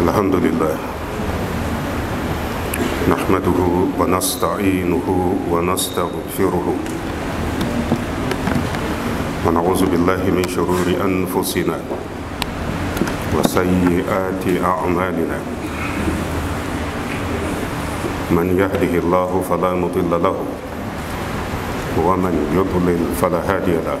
الحمد لله نحمده ونستعينه ونستغفره ونعوذ بالله من شرور أنفسنا وسيئات أعمالنا من يهده الله فلا مضل له ومن يضلل فلا هادي له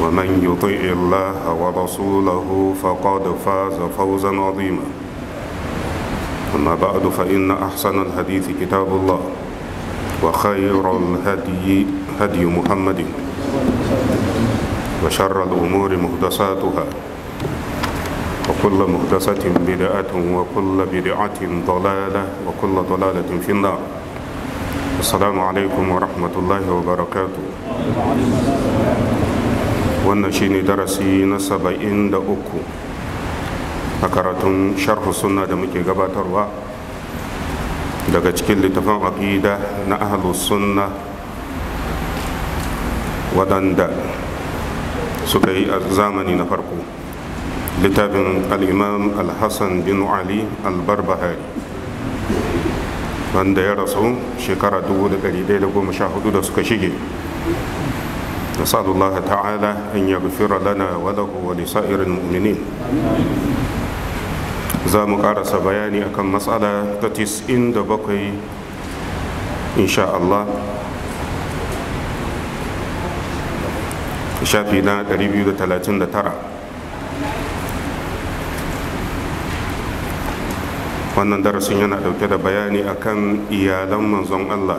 ومن يطع الله ورسوله فقد فاز فوزا عظيما أما بعد فإن أحسن الحديث كتاب الله وخير الهدي هدي محمد وشر الأمور محدثاتها وكل مهدسة بدعة وكل بدعة ضلالة وكل ضلالة في النار السلام عليكم ورحمة الله وبركاته wannan shine darasi na saba'in da uku a karatun sharhu suna da muke gabatarwa daga cikin littafin aqida na ahlus sunna waɗanda suka yi a zamani na farko littafin al'imam al-hassan bin ali al-barbahari wanda ya rasu shekara 1114 da suka shige نسأل الله تعالى أن يغفر لنا وله ولسائر المؤمنين za mu ƙarasa bayani akan matsala ta 97 insha Allah shafi na 239 wannan darasin yana dauke da bayani akan iyalan manzon Allah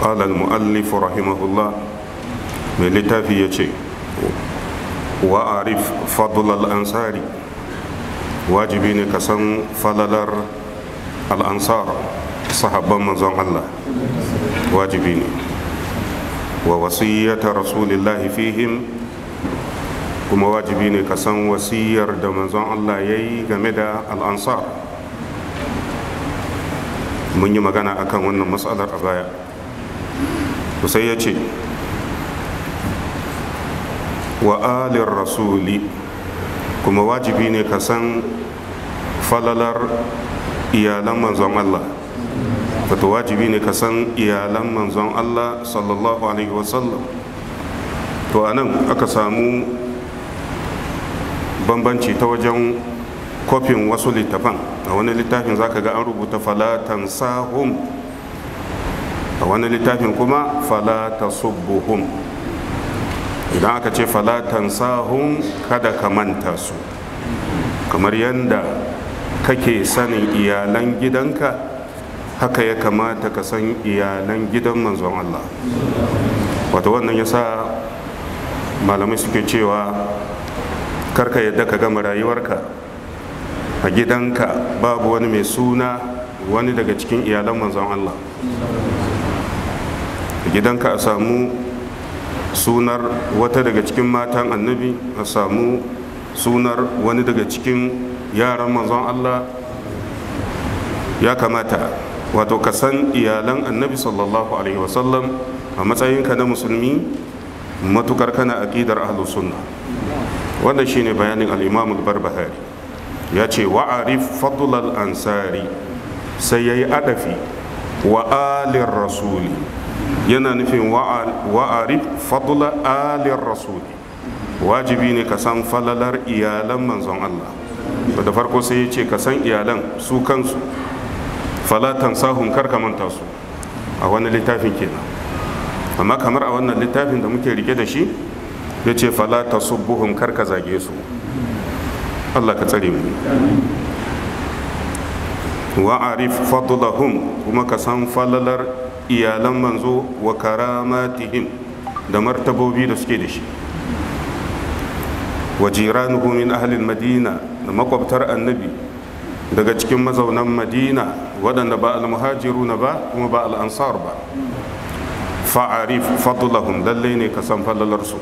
قال المؤلف رحمه الله من لتافي يتي وأعرف فضل الأنصار واجبين كسن فللر الأنصار صحابة من الله واجبين ووصية رسول الله فيهم kuma wajibi ne ka san wasiyar da manzon Allah ya yi game da al'ansar mun yi magana akan wannan matsalar a baya to sai ya ce wa alir rasuli kuma wajibi ne ka san falalar iyalan manzon Allah wato wajibi ne ka san iyalan manzon Allah sallallahu alaihi wasallam to anan aka samu bambanci ta wajen kofin wasu littafan a wani littafin zaka ga an rubuta falatan sahum a wani littafin kuma falata subuhun idan aka ce falatan sahun kada ka manta su kamar yadda kake sanin iyalan gidanka haka ya kamata ka san iyalan gidan manzon Allah Wata wannan ya sa malamai suke cewa karka yadda ka gama rayuwarka a gidanka babu wani mai suna wani daga cikin iyalan manzon Allah gidanka a samu sunar wata daga cikin matan annabi a samu sunar wani daga cikin yaran manzon Allah ya kamata wato ka san iyalan annabi sallallahu alaihi wasallam a matsayinka na musulmi matukar kana aqidar ahlus sunna wannan shine bayanin al-imam al-barbahari ya ce wa'arif fadlal ansari sai yayi adafi wa alir rasuli yana nufin wa'arif fadula alir rasul wajibi ne ka san falalar iyalan manzon Allah to da farko sai ya ce ka san iyalan su kansu falatan sahun kar ka manta su a wani littafin kenan amma kamar a wannan littafin da muke rike da shi ya ce falata subuhun kar ka zage su Allah ka tsare mu wa'arif fadlahum kuma ka san falalar iyalan manzo wa karamatihim da martabobi da suke da shi wa jiranuhu min ahlil madina da makwabtar annabi daga cikin mazaunan madina waɗanda ba al-muhajiruna ba kuma ba al'ansar ba fa'arif fadlahum lallai ne ka san falalarsu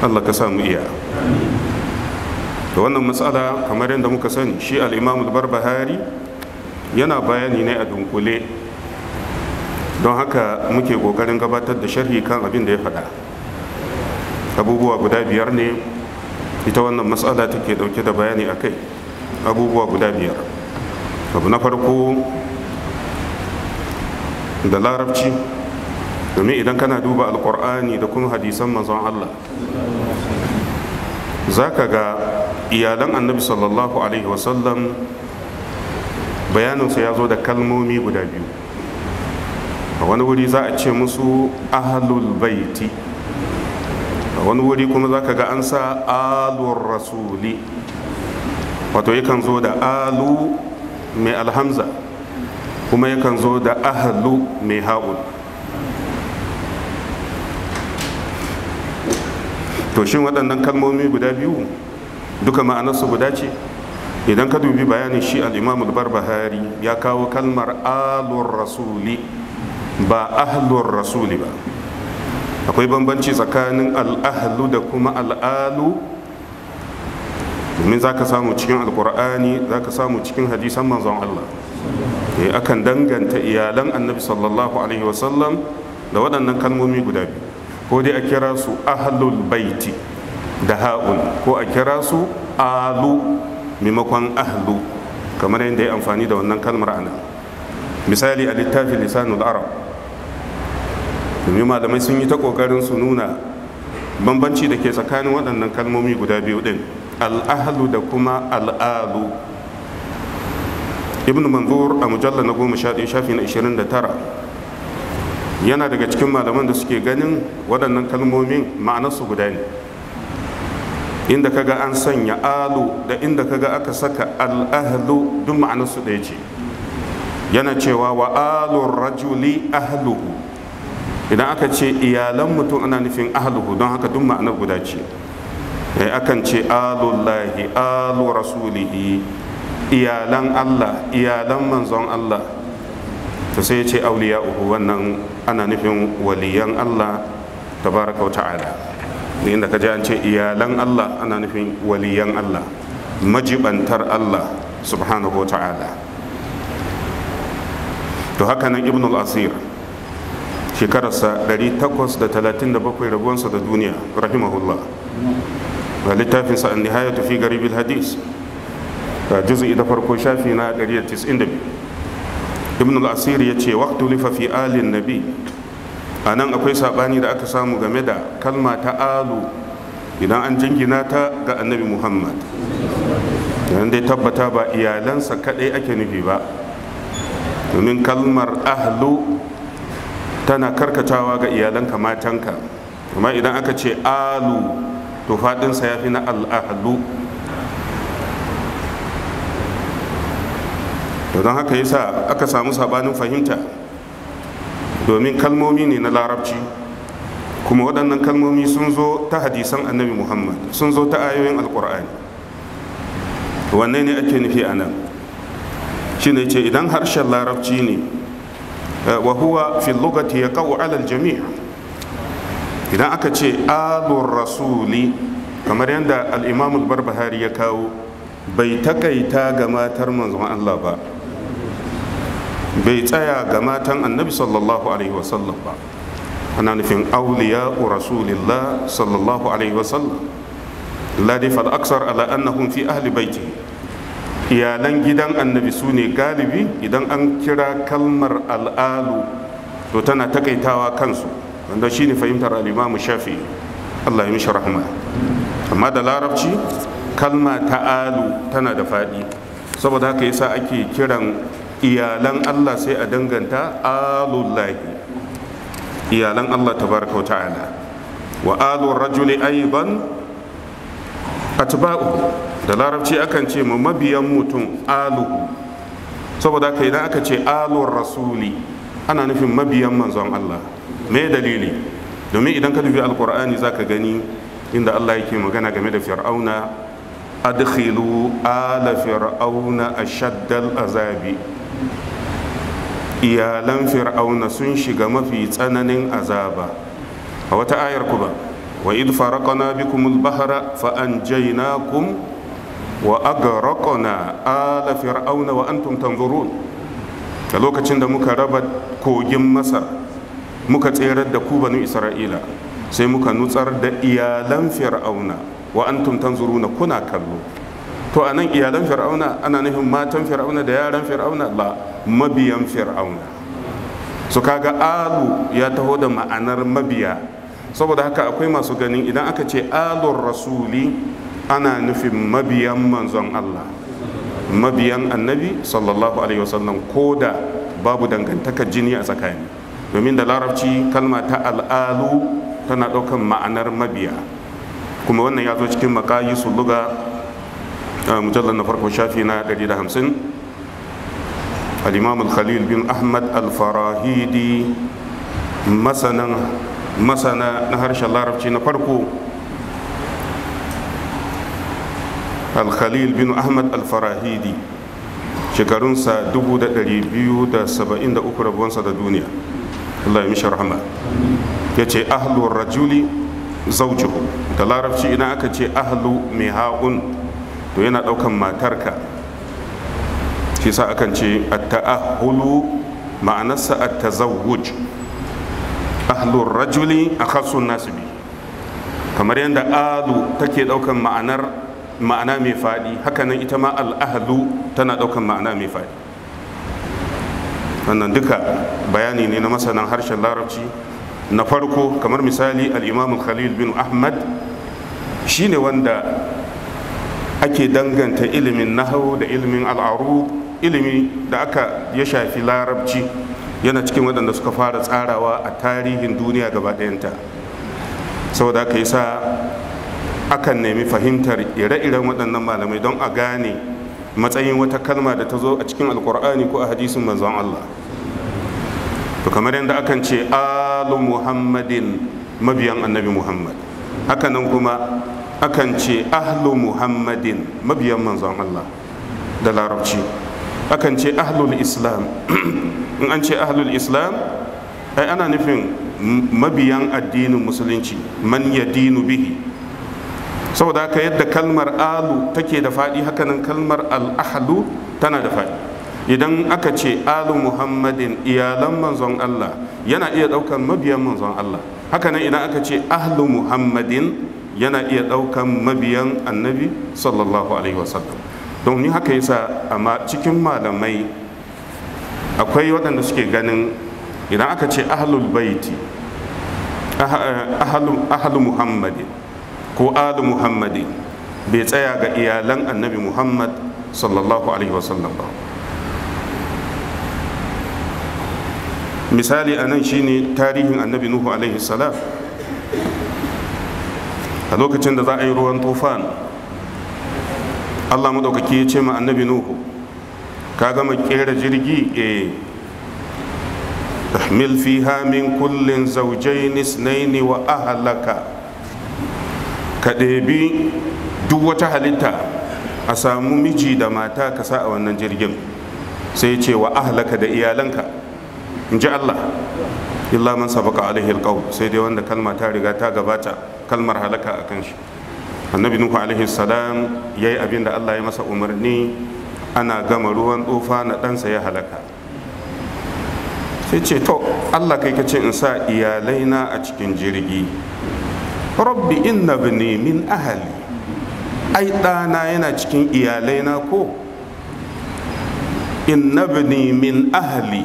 Allah ka samu iya da wannan matsala kamar yadda muka sani shi al-imamul barbahari yana bayani ne a dunkule don haka muke kokarin gabatar da sharhi kan abin da ya faɗa abubuwa guda biyar ne ita wannan matsala take dauke da bayani a kai abubuwa guda biyar abu na farko da larabci domin idan kana duba alkur'ani da kuma hadisan manzon allah za ka ga iyalan annabi sallallahu alaihi wasallam bayaninsa ya zo da kalmomi guda biyu a wani wuri za a ce musu ahalul baiti a wani wuri kuma za ka ga an sa alur rasuli wato yakan zo da alu mai alhamza kuma yakan zo da ahalu mai ha'ul to shi waɗannan kalmomi guda biyu duka ma'anarsu guda ce idan ka dubi bayanin shi al'imamul barbahari ya kawo kalmar alur rasuli ba ahlur rasuli ba akwai bambanci tsakanin al'ahlu da kuma al'alu domin za ka samu cikin alkur'ani za ka samu cikin hadisan manzon Allah eh, akan danganta iyalan annabi sallallahu alaihi wasallam da waɗannan kalmomi guda biyu ko dai a kira su ahlul baiti da ha'ul ko a kira su alu maimakon ahlu kamar yadda ya amfani da wannan kalmar ana. misali a littafin lisanul arab domin malamai sun yi ta kokarin su nuna bambanci da ke tsakanin waɗannan kalmomi guda biyu ɗin al'ahalu da kuma al'alu ibn manzur a mujallar na goma sha shafi na ishirin yana daga cikin malaman da suke ganin waɗannan kalmomin ma'anarsu guda ne inda kaga an sanya alu da inda kaga aka saka al'ahalu duk ma'anarsu ɗaya ce yana cewa wa alu rajuli ahluhu idan aka ce iyalan mutum ana nufin ahluhu don haka duk ma'anar guda ce eh, akan ce alullahi alu rasulihi iyalan allah iyalan manzon allah to sai ya ce auliya'uhu wannan ana nufin waliyan allah tabaraka wa ta'ala inda ka ji an ce iyalan allah ana nufin waliyan allah majibantar allah subhanahu wa ta'ala to haka nan ibnul asir shekararsa 837 rabuwansa da duniya rahimahullah ga littafinsa an nihaya tafi garibin hadis ga juzi ita farko shafi na 192 ibn al-asir ya ce waktu lifa fi alin nabi a nan akwai saɓani da aka samu game da kalma ta alu idan an jingina ta ga annabi muhammad idan dai tabbata ba iyalansa kadai ake nufi ba domin kalmar ahlu tana karkatawa ga iyalanka matanka amma idan aka ce alu to faɗinsa ya fi na al'ahlu to don haka yasa aka samu sabanin fahimta domin kalmomi ne na larabci kuma waɗannan kalmomi sun zo ta hadisan annabi muhammad sun zo ta ayoyin alkur'ani wanne ne ake nufi a nan shi ne ce idan harshen larabci ne Eh, wa huwa ya lugati yaqau ala idan aka ce alur rasuli kamar yadda al-imam al ya kawo bai takaita ga matar manzon Allah bai tsaya ga matan annabi sallallahu alaihi wasallam ba ana nufin auliya rasulillah sallallahu alaihi wasallam ladifal aksar ala ahli baiti iyalan gidan annabi su ne galibi idan an kira kalmar al'alu to tana takaitawa kansu wanda shi ne fahimtar al'imamu shafi allah ya mishi rahama amma da larabci kalma ta'alu tana da faɗi saboda haka yasa ake kiran iyalan allah sai a danganta alullahi iyalan allah tabaraka wa ta'ala wa alur rajuli aidan atba'u da larabci akan ce ma mabiyan mutum aluhu saboda haka idan aka ce alur rasuli ana nufin mabiyan manzon Allah me dalili domin idan ka dubi alkur'ani zaka gani inda Allah yake magana game da fir'auna adkhilu ala fir'auna ashaddal azabi iyalan fir'auna sun shiga mafi tsananin azaba a wata ayar ku ba wa id faraqna bikum al-bahra fa anjaynakum wa agraqna ala fir'auna wa antum tanzurun a lokacin da muka raba kogin masar muka tserar da ku banu isra'ila sai muka nutsar da iyalan fir'auna wa antum tanzuruna kuna kallo to anan iyalan fir'auna ana nufin matan fir'auna da yaran fir'auna la mabiyan fir'auna su kaga alu ya taho da ma'anar mabiya saboda haka akwai masu ganin idan aka ce alur rasuli ana nufin mabiyan manzon Allah mabiyan annabi sallallahu alaihi wasallam ko da babu dangantakar jini a tsakani domin da larabci kalma ta al'alu tana ɗaukar ma'anar mabiya kuma wannan ya zo cikin makayi su luga mujallar na farko shafi na 150 al-imam al-khalil bin ahmad al-farahidi masana na harshen larabci na farko alkhalil bin ahmad alfarahidi shekarunsa 273 rabuwansa da duniya Allah ya mishi rahama ya ce ahlu rajuli zaujuhu da larabci idan aka ce ahlu mai ha'un to yana ɗaukan matarka shi sa akan ce atta'ahulu ma'anarsa attazawwuj ahlu rajuli a khasun nasibi kamar yadda alu take ɗaukan ma'anar ma'ana mai faɗi hakanan ita ma al'ahadu tana ɗaukan ma'ana mai faɗi wannan duka bayani ne na masanan harshen larabci na farko kamar misali al'imamu khalil bin ahmad shi ne wanda ake danganta ilimin nahau da ilimin al'aru ilimi da aka ya shafi larabci yana cikin waɗanda suka fara tsarawa a tarihin duniya gaba ɗayanta saboda aka yi sa akan nemi fahimtar ire-iren waɗannan malamai don a gane matsayin wata kalma da ta zo a cikin alkur'ani ko a hadisin manzon Allah to kamar yadda akan ce alu muhammadin mabiyan annabi muhammad hakanan kuma akan ce ahlu muhammadin mabiyan manzon Allah da larabci akan ce ahlul islam in an ce ahlul islam ai ana nufin mabiyan addinin musulunci man ya dinu bihi saboda haka yadda kalmar alu take da faɗi hakanan kalmar al'ahalu tana da faɗi idan aka ce alu muhammadin iyalan manzon allah yana iya ɗaukan mabiyan manzon allah hakanan idan aka ce ahlu muhammadin yana iya ɗaukan mabiyan annabi sallallahu alaihi wasallam domin haka yasa amma cikin malamai akwai waɗanda suke ganin idan aka ce ahlul baiti ah, eh, ahlu muhammadin ko alu muhammadi bai tsaya ga iyalan annabi muhammad sallallahu alaihi wasallam ba misali a nan shine tarihin annabi nuhu alaihi salam a lokacin da za a yi ruwan tufan allah maɗaukaki ya ce ma annabi nuhu ka gama ƙera jirgi e eh, tahmil fiha min kullin zaujaini ne, wa ahalaka ka ɗebi duk wata halitta a samu miji da mata ka sa a wannan jirgin sai ce wa ahlaka da iyalanka in ji Allah illa man sabaka alaihi alqaw sai dai wanda kalma ta riga ta gabata kalmar halaka akan shi annabi nuhu alaihi salam yayi abin da Allah ya masa umarni ana gama ruwan tufa na ɗansa ya halaka sai ce to Allah kai ka ce in sa iyalaina a cikin jirgi rabbi inna bini min ahali ai ɗana yana cikin iyalai na ko inna bini min ahali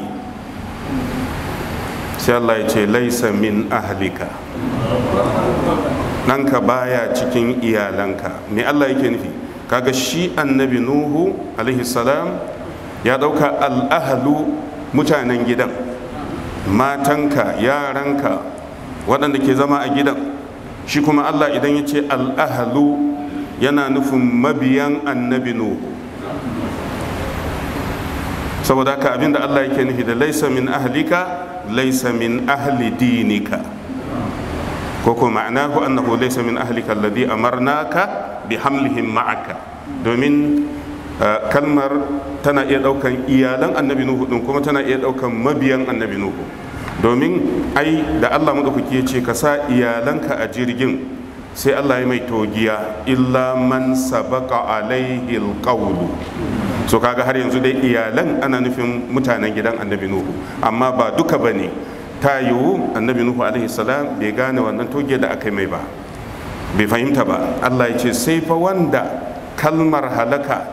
sai Allah ya ce laisa min ahalika ɗanka baya cikin iyalanka me Allah yake nufi kaga shi annabi nuhu alaihi salam ya ɗauka al'ahalu mutanen gidan matanka yaranka waɗanda ke zama a gidan shi kuma Allah idan ya ce al'ahalu yana nufin mabiyan annabi nuhu saboda haka abinda Allah yake nufi da laisa min ahlika laisa min ahli dinika ko ko ma'anahu annahu laisa min ahlika alladhi amarnaka bi hamlihim ma'aka domin uh, kalmar tana iya daukan iyalan annabi nuhu din kuma tana iya daukan mabiyan annabi nuhu domin ai da allah maɗaukaki ya ce ka sa iyalanka a jirgin sai allah ya mai togiya illa man sabaka alaihi alqawlu so kaga har yanzu dai iyalan ana nufin mutanen gidan annabi nuhu amma ba duka ba ne ta yiwu annabi nuhu alaihi salam bai gane wannan togiya da aka mai ba bai fahimta ba allah ya ce sai fa wanda kalmar halaka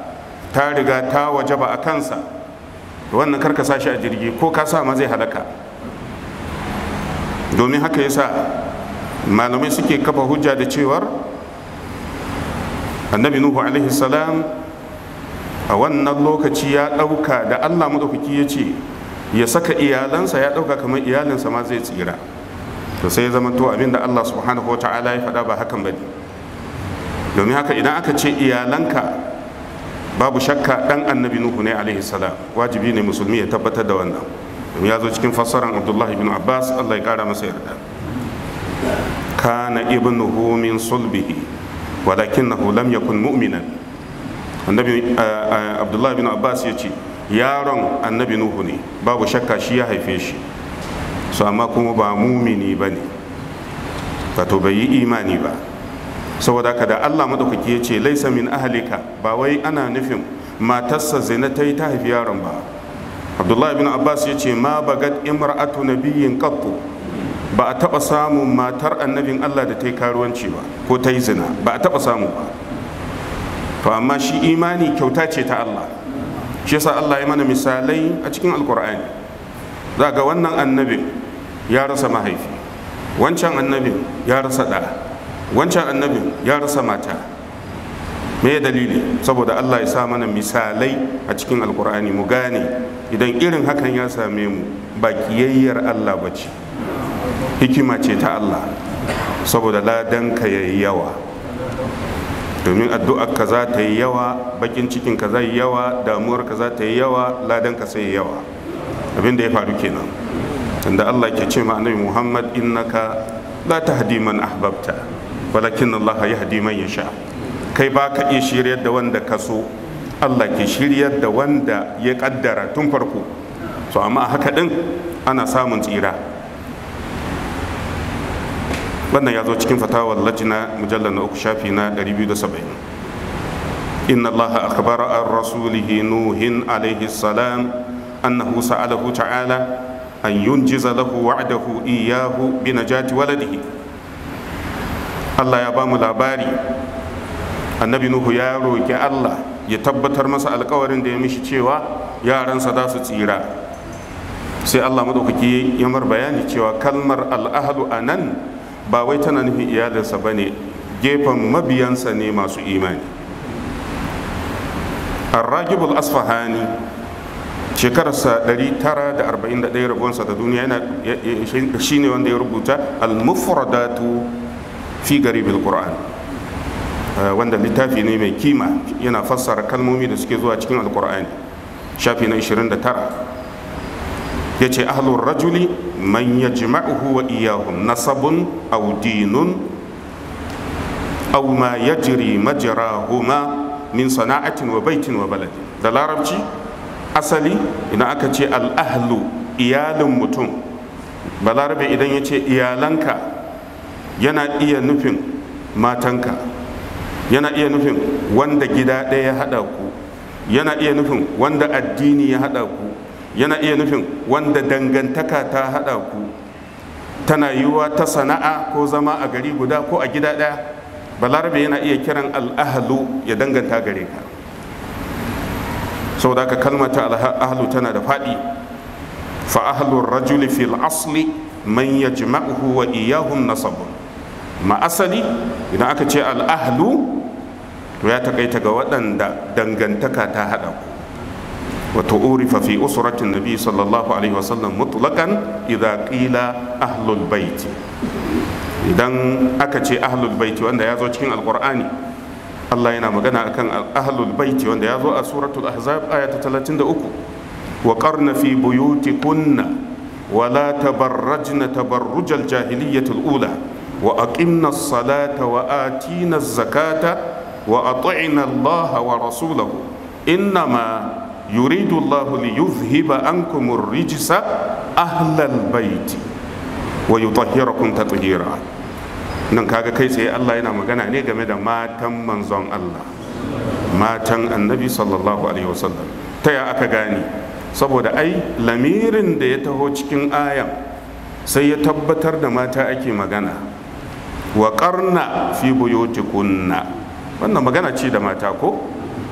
ta riga ta waje ba a kansa wannan karka shi a jirgi ko ka sa ma zai halaka domin haka yasa malamai suke kafa hujja da cewar annabi nuhu alaihi salam a wannan lokaci ya ɗauka da allah maɗaukaki ya ce ya saka iyalansa ya ɗauka kamar iyalinsa ma zai tsira to sai ya zama to abin da allah subhanahu wa ta'ala ya faɗa ba hakan ba ne domin haka idan aka ce iyalanka babu shakka ɗan annabi nuhu ne alaihi salam wajibi ne musulmi ya tabbatar da wannan domin ya zo cikin fassarar abdullahi bin abbas allah kara masa yarda kana ibnuhu min sulbihi walakinahu lam yakun mu'minan annabi eh, eh, abdullahi bin abbas ya ce yaron annabi nuhu ne babu shakka shi ya haife shi su amma kuma ba mumini ba ne wato bai yi imani ba saboda haka da allah maɗaukaki ya ce laisa min ahalika ba wai ana nufin matarsa zina ta yi ta haifi yaron ba abdullahi bin abbas ya ce ma bagat imra'atu nabiyyin qattu ba a taba samun matar annabin allah da ta yi karuwanci ba ko ta yi zina ba a taba samu ba to amma shi imani kyauta ce ta allah shi yasa allah ya mana misalai a cikin alkur'ani za ga wannan annabin ya rasa mahaifi wancan annabin ya rasa ɗa wancan annabin ya rasa mata me dalili saboda allah ya sa mana misalai a cikin alkur'ani mu gane idan irin hakan ya same mu ba kiyayyar allah ba ce hikima ce ta allah saboda ladanka ya yawa domin addu'arka za ta yi yawa bakin cikinka zai yi yawa damuwarka za ta yi yawa ladanka sai yawa abin da ya faru kenan inda allah ke ce ma annabi muhammad innaka la tahdi man ahbabta walakin allah ya hadi man yasha kai ba ka iya shiryar da wanda ka so allah ke shiryar da wanda ya kaddara tun farko so amma haka din ana samun tsira wannan ya zo cikin fatawar lajina mujallar na uku shafi na 270 inna allaha akbara an rasulihi nuhin alaihi salam annahu sa'alahu ta'ala an yunjiza lahu wa'dahu iyahu bi najati waladihi Allah ya ba mu labari annabi nuhu ya roƙi allah ya tabbatar masa alkawarin da ya mishi cewa yaransa za su tsira sai allah maɗaukaki ya mar bayani cewa kalmar al'ahadu a nan ba wai tana nufin iyalinsa ba ne gefen mabiyansa ne masu imani arragibul asfahani shekararsa 941 rabonsa da duniya shi ne wanda ya rubuta al-mufradatu fi garibil qur'an Eh, wanda littafi ne mai kima yana fassara kalmomi da suke zuwa cikin alkur'ani shafi na 29 ya ce ahlul rajuli man ya jima'uhu wa iyahun nasabun aw dinun aw ma yajri majrahuma min sana'atin wa baitin wa baladi da larabci asali idan aka ce al'ahlu iyalin mutum balarabe idan ya ce iyalanka yana iya nufin matanka yana iya nufin wanda gida ɗaya ya haɗa ku yana iya nufin wanda addini ya haɗa ku yana iya nufin wanda dangantaka ta haɗa ku tana yiwuwa ta sana'a ko zama a gari guda ko a gida ɗaya balarabe yana iya kiran al'ahalu ya danganta gare ka saboda ka aka ta al'ahalu tana da faɗi fa'ahalu rajuli fil asli man yajma'uhu wa iyahun nasabun ma asali idan aka ce al'ahlu to ya takaita ga waɗanda dangantaka ta haɗa ku wato urifa fi usratin nabi sallallahu alaihi wasallam mutlaqan idza qila ahlul bait idan aka ce ahlul bait wanda ya zo cikin alqur'ani Allah yana magana akan ahlul bait wanda ya zo a suratul ahzab aya ta 33 wa qarna fi buyutikunna wala tabarrajna tabarrujal jahiliyyatul ula wa aqimna salata wa atina zakata wa ati'na Allah wa rasulahu innama yuridu Allah li yuzhiba ankum nan kaga kai tsaye Allah yana magana ne game da matan manzon Allah matan annabi sallallahu alaihi wasallam ta ya aka gane saboda ai lamirin da ya taho cikin ayan sai ya tabbatar da mata ake magana wa karna fi buyutikunna wannan magana ce da mata ko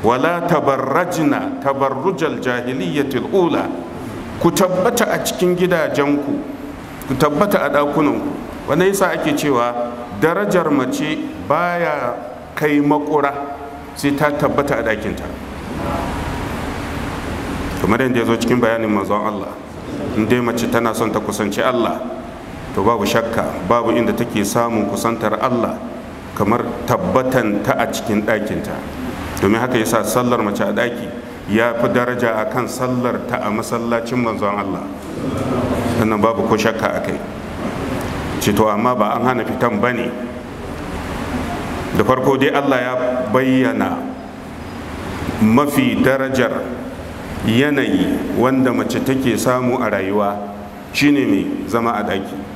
wala tabarrajna tabarrujal jahiliyyatil ula ku tabbata a cikin gidajenku ku tabbata a ɗakunanku wannan yasa ake cewa darajar mace baya kai makura sai ta tabbata a ɗakinta kamar yadda ya zo cikin bayanin manzon Allah in dai mace tana son ta kusanci Allah to babu shakka babu inda take samun kusantar Allah kamar tabbatan ta a cikin ɗakinta domin haka yasa sallar mace a ɗaki ya fi daraja a kan sallar ta a masallacin manzon Allah sannan babu ko shakka a kai ce to amma ba an hana fitan ba ne da farko dai Allah ya bayyana mafi darajar yanayi wanda mace take samu a rayuwa shine mai zama a ɗaki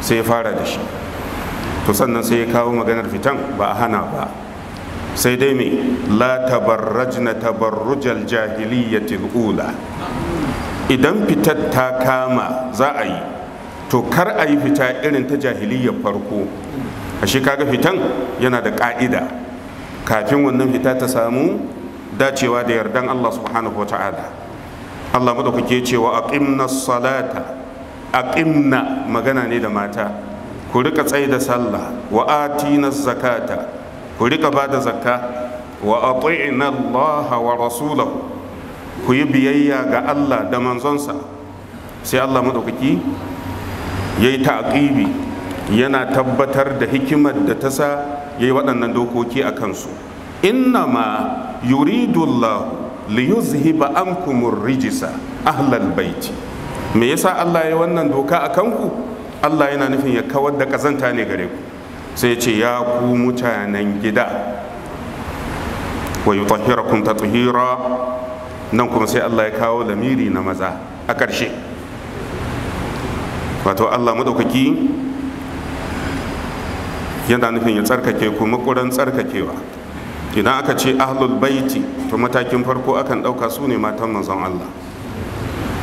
sai ya fara da shi to sannan sai ya kawo maganar fitan ba a hana ba sai dai me la tabarrajna tabarrujal jahiliyyatil ula idan fitar ta kama za a yi to kar a yi fita irin ta jahiliyyar farko ashe kaga fitan yana da ka'ida kafin wannan fita ta samu dacewa da yardan Allah subhanahu wa ta'ala Allah madaukake cewa a aqimna salata aqimna magana ne da mata ku rika tsaye da sallah wa atina zakata ku rika ba da zakka wa ati'na Allah wa rasulahu ku yi biyayya ga Allah da manzonsa sai Allah madaukaki yayi taqibi yana tabbatar da hikimar da ta sa yayi waɗannan dokoki a kansu innama yuridullahu liyuzhiba ankumur rijisa ahlal baiti me yasa Allah ya wannan doka a kanku Allah yana nufin ya kawar da kazanta ne gare ku sai ce ya ku mutanen gida wa yutahhirakum tathira nan kuma sai Allah ya kawo lamiri na maza a ƙarshe wato Allah madaukaki yana nufin ya tsarkake ku makuran tsarkakewa idan aka ce ahlul baiti to matakin farko akan ɗauka su ne matan manzon Allah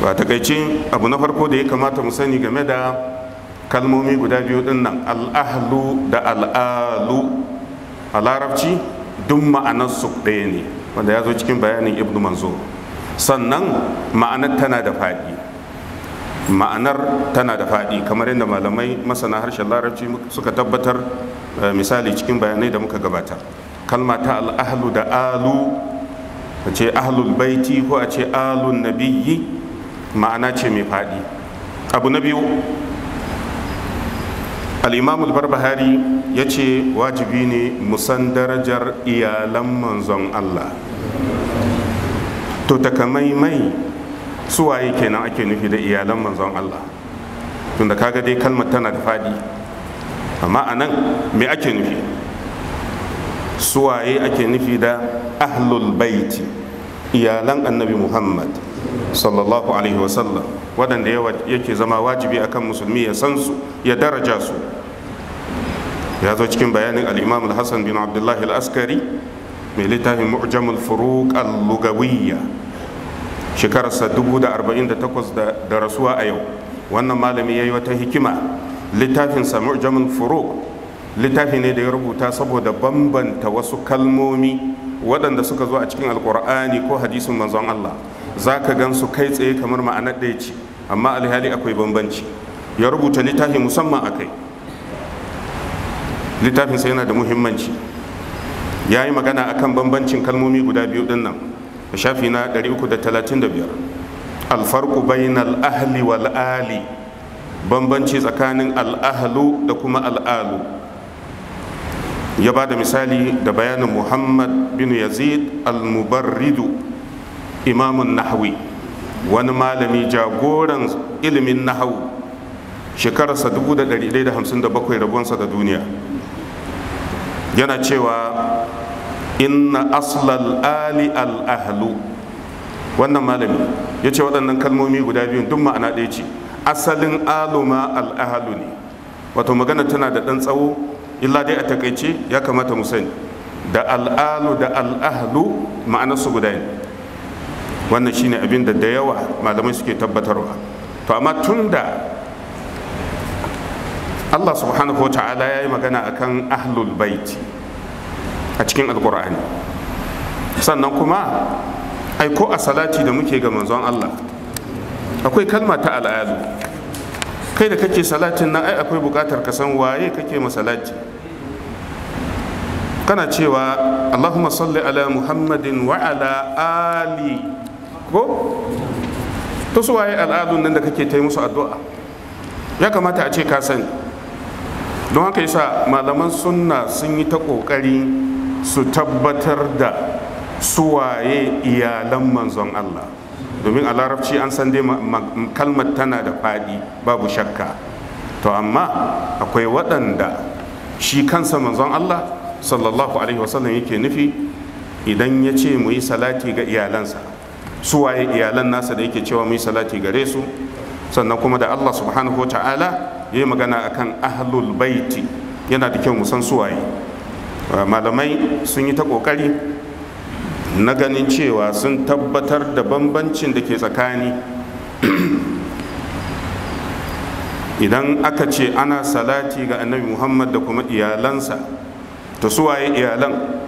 ba takaicin abu na farko da ya kamata mu sani game da kalmomi guda biyu din nan al'ahlu da al'alu a larabci duk ma'anarsu ɗaya ne wanda ya zo cikin bayanin ibnu manzo sannan ma'anar tana da faɗi ma'anar tana da faɗi kamar yadda malamai masana harshen larabci suka tabbatar eh, misali cikin bayanai da muka gabata, kalma ta al'ahlu da alu a ce ahlul baiti ko a ce alun nabiyyi ma'ana ce mai faɗi abu na biyu al'imamul barbahari ya ce wajibi ne musan darajar iyalan manzon Allah to takamaimai suwaye kenan ake nufi da iyalan manzon Allah tunda kaga dai kalmar tana da faɗi amma a nan me ake nufi suwaye ake nufi da ahlul baiti iyalan annabi muhammad sallallahu alaihi wasallam waɗanda yake zama wajibi akan musulmi ya san su ya daraja su ya zo cikin bayanin al-imam al bin abdullah al-askari mai littafin mu'jamul furuq al-lugawiyya shekararsa 1048 da rasuwa a yau wannan malami ya yi wata hikima littafinsa mu'jamul furuq littafi ne da ya rubuta saboda bambanta wasu kalmomi waɗanda suka zo a cikin alkur'ani ko hadisin manzon Allah za ka gan su kai tsaye kamar ma'anar da ya ce amma alhali akwai bambanci ya rubuta littafi musamman a kai littafinsa yana da muhimmanci ya yi magana akan bambancin kalmomi guda biyu din nan da shafi na 335 alfarku bayan al'ahli wa al'ali. bambanci tsakanin al'ahlu da kuma al'alu ya ba da misali da bayanin muhammad bin yazid al-mubarridu imamun nahawi wani malami jagoran ilimin nahawu shekararsa 1157 rabonsa da duniya yana cewa inna aslal ali al ahlu wannan malami ya ce waɗannan kalmomi guda biyun duk ma'ana ɗaya ce asalin aluma al ahlu ne wato magana tana da ɗan tsawo illa dai a takaice ya kamata mu sani da al'alu da al'ahlu ma'anarsu guda ne wannan shine abin da da yawa malamai suke tabbatarwa to amma tunda Allah subhanahu wa ta'ala ya yi magana akan ahlul baiti a cikin alkur'ani sannan kuma aiko a salati da muke ga manzon Allah akwai kalma ta al'adu kai da kake salatin nan ai akwai bukatar ka san waye kake masalati kana cewa allahumma salli ala muhammadin wa ala ali ko to su waye al'adun nan da kake ta yi musu addu'a ya kamata a ce ka sani don haka yasa malaman sunna sun yi ta kokari su tabbatar da su waye iyalan manzon Allah domin a larabci an san dai kalmar tana da faɗi babu shakka to amma akwai waɗanda shi kansa manzon Allah sallallahu alaihi wasallam yake nufi idan ya ce mu yi salati ga iyalansa su waye iyalan nasa da yake cewa mu yi salati gare su sannan kuma da Allah subhanahu wa ta'ala ya yi magana akan ahlul baiti yana da kyau mu san su ah, malamai sun yi ta ƙoƙari na ganin cewa sun tabbatar da bambancin da ke tsakani idan aka ce ana salati ga annabi muhammad da kuma iyalansa ta suwaye iyalan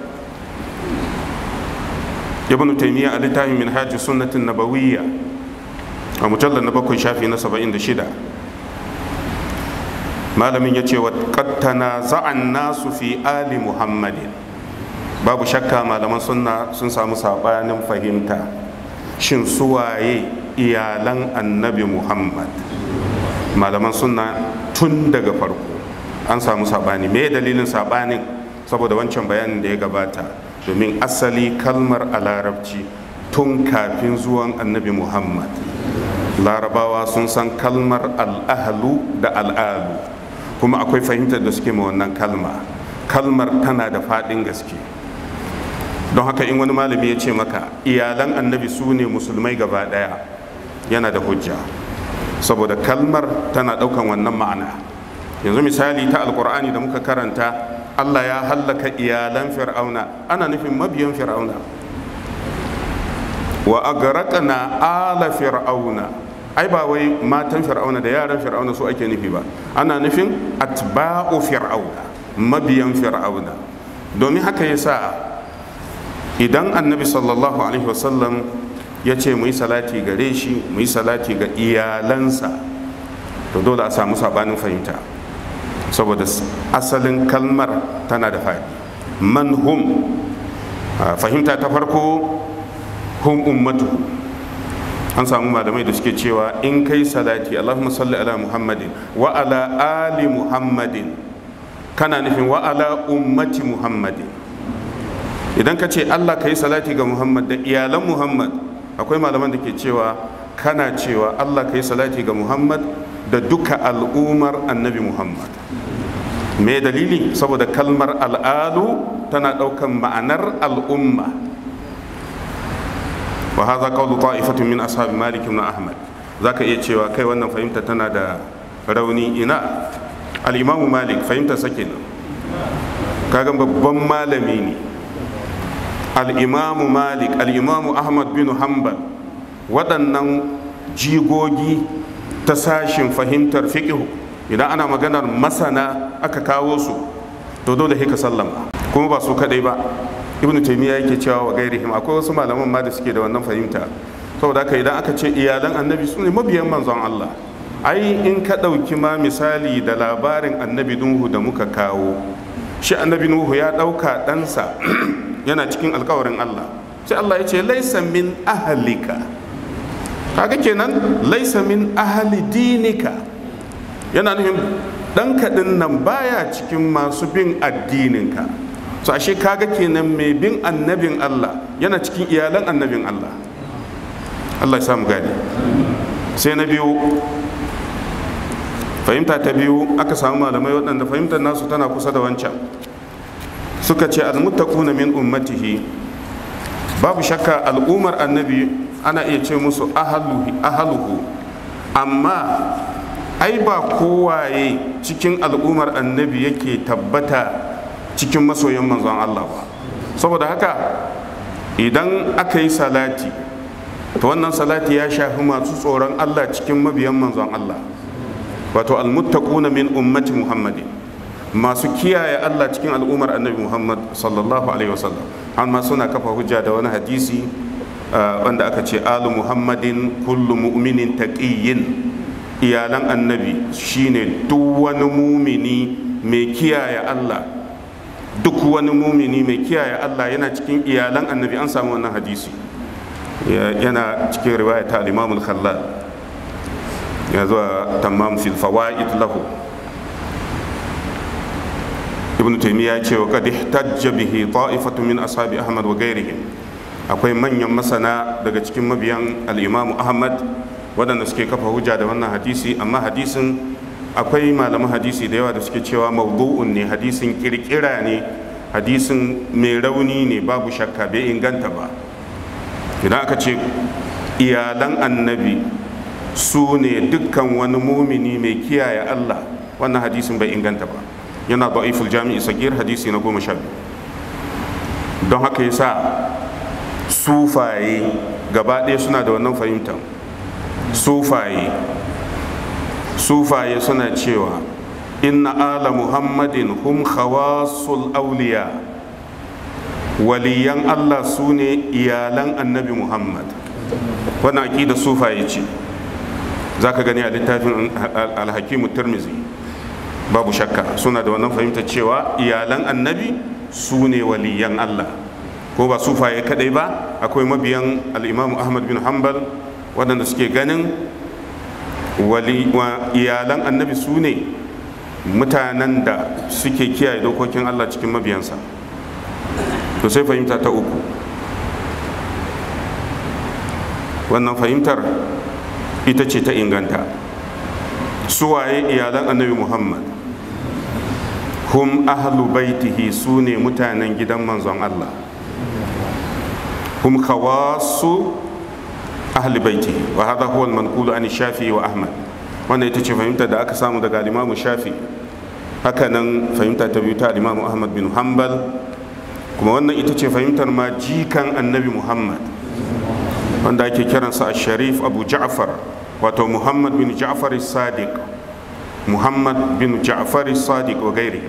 ibn taymiya a littafin minhajus sunnatin nabawiyya a mujallar na bakwai shafi na saba'in da shida malamin ya ce wa kattana za'an nasu fi ali muhammadin babu shakka malaman sunna sun samu sabanin fahimta shin suwaye iyalan annabi muhammad malaman sunna tun daga farko an samu sabani me dalilin saɓanin, saboda wancan bayanin da ya gabata domin asali kalmar a larabci tun kafin zuwan annabi muhammad larabawa sun san kalmar al'ahalu da al'alu kuma akwai fahimtar da suke ma wannan kalma kalmar tana da faɗin gaske don haka in wani malami ya ce maka iyalan annabi su ne musulmai gaba ɗaya yana da hujja saboda kalmar tana ɗaukan wannan ma'ana yanzu misali ta alkur'ani da muka karanta Allah ya hallaka iyalan fir'auna ana nufin mabiyan fir'auna wa agraqna ala fir'auna ai ba wai matan fir'auna da yaran fir'auna su ake nufi ba ana nufin atba'u fir'auna mabiyan fir'auna domin haka yasa idan annabi sallallahu alaihi wasallam ya ce mu yi salati gare shi mu yi salati ga iyalansa to dole a samu sabanin fahimta saboda asalin kalmar tana da faɗi man hum fahimta ta farko hum ummatu an samu malamai da suke cewa in kai salati allahumma salli ala muhammadin wa ala ali muhammadin kana nufin wa ala ummati muhammadin idan ka ce allah ka yi salati ga muhammad da iyalan muhammad akwai malaman da ke cewa kana cewa allah ka yi salati ga muhammad da duka al'umar annabi muhammad me dalili saboda kalmar al'adu tana ɗaukan ma'anar al'umma wa haza qawlu ta'ifatin min ashab malik ibn ahmad zaka iya cewa kai wannan fahimta tana da rauni ina al-imam malik fahimta sake nan kaga babban malami ne al-imam malik al-imam ahmad bin hanbal waɗannan jigogi ta sashin fahimtar fiqh idan ana maganar masana aka kawo su to dole ka sallama kuma ba su kadai ba ibnu taymiya yake cewa wa gairihim akwai wasu malaman ma da suke da wannan fahimta saboda haka idan aka ce iyalan annabi su ne mabiyan manzon Allah ai in ka ɗauki ma misali da labarin annabi nuhu da muka kawo shi annabi nuhu ya ɗauka ɗansa yana cikin alkawarin Allah sai Allah ya ce laisa min ahalika kaga kenan laisa min ahali dinika yana nufin ɗan kaɗin nan baya cikin masu bin addininka so ashe kaga kenan mai bin annabin Allah yana cikin iyalan annabin Allah Allah ya samu gani sai na biyu fahimta ta biyu aka samu malamai waɗanda fahimtar nasu tana kusa da wancan suka ce almuttaquna min ummatihi babu shakka al'ummar annabi ana iya ce musu ahaluhu amma ai ba kowaye cikin al'ummar annabi yake tabbata cikin masoyan manzon Allah ba saboda haka idan aka yi salati to wannan salati ya shafi masu tsoron Allah cikin mabiyan manzon Allah wato almuttaquna min ummati muhammadin masu kiyaye Allah cikin al'ummar annabi Muhammad sallallahu alaihi wasallam amma suna kafa hujja da wani hadisi ah, wanda aka ce alu muhammadin kullu mu'minin taqiyyin iyalan annabi shine duk wani mumini mai kiyaye Allah duk wani mumini mai kiyaye Allah yana cikin iyalan annabi an samu wannan hadisi yana cikin riwaya ta al-Imam al-Khallal ya zuwa tamam fil fawaid lahu ibn taymiya ya ce wa qad ihtajja bihi ta'ifatu min ashabi ahmad wa ghayrihim akwai manyan masana daga cikin mabiyan al-Imam Ahmad waɗanda suke kafa hujja da wannan hadisi amma hadisin akwai malaman hadisi da yawa da suke cewa mawdu'un ne hadisin kirkira ne hadisin mai rauni ne babu shakka bai inganta ba idan aka ce iyalan annabi su ne dukkan wani mumini mai kiyaye Allah wannan hadisin bai inganta ba yana da'iful jami'i sagir hadisi na goma sha don haka yasa sufaye gaba ɗaya suna da wannan fahimtar sufaye sufaye suna cewa inna ala muhammadin hum khawasul auliya waliyan allah su ne iyalan annabi muhammad wannan aƙida sufaye ce za ka gani a littafin alhakimu Tirmizi. babu shakka suna da wannan fahimta cewa iyalan annabi su ne waliyan allah ko ba sufaye kadai ba akwai mabiyan al'imamu ahmad bin hanbal waɗanda suke ganin iyalan annabi su ne mutanen da suke kiyaye dokokin allah cikin mabiyansa to sai fahimta ta uku wannan fahimtar ita ce ta inganta Su waye iyalan annabi muhammad hum ahlu baitihi su ne mutanen gidan manzon allah hum khawasu ahli baiti wa hadha huwa al-manqulu an shafi'i wa ahmad wannan ita ce fahimta da aka samu daga al-imamu shafi haka nan fahimta ta biyu ta al-imamu ahmad bin hanbal kuma wannan ita ce fahimtar ma jikan annabi muhammad wanda ake kiransa a sharif abu ja'far wato muhammad bin ja'far sadiq muhammad bin ja'far sadiq wa gairi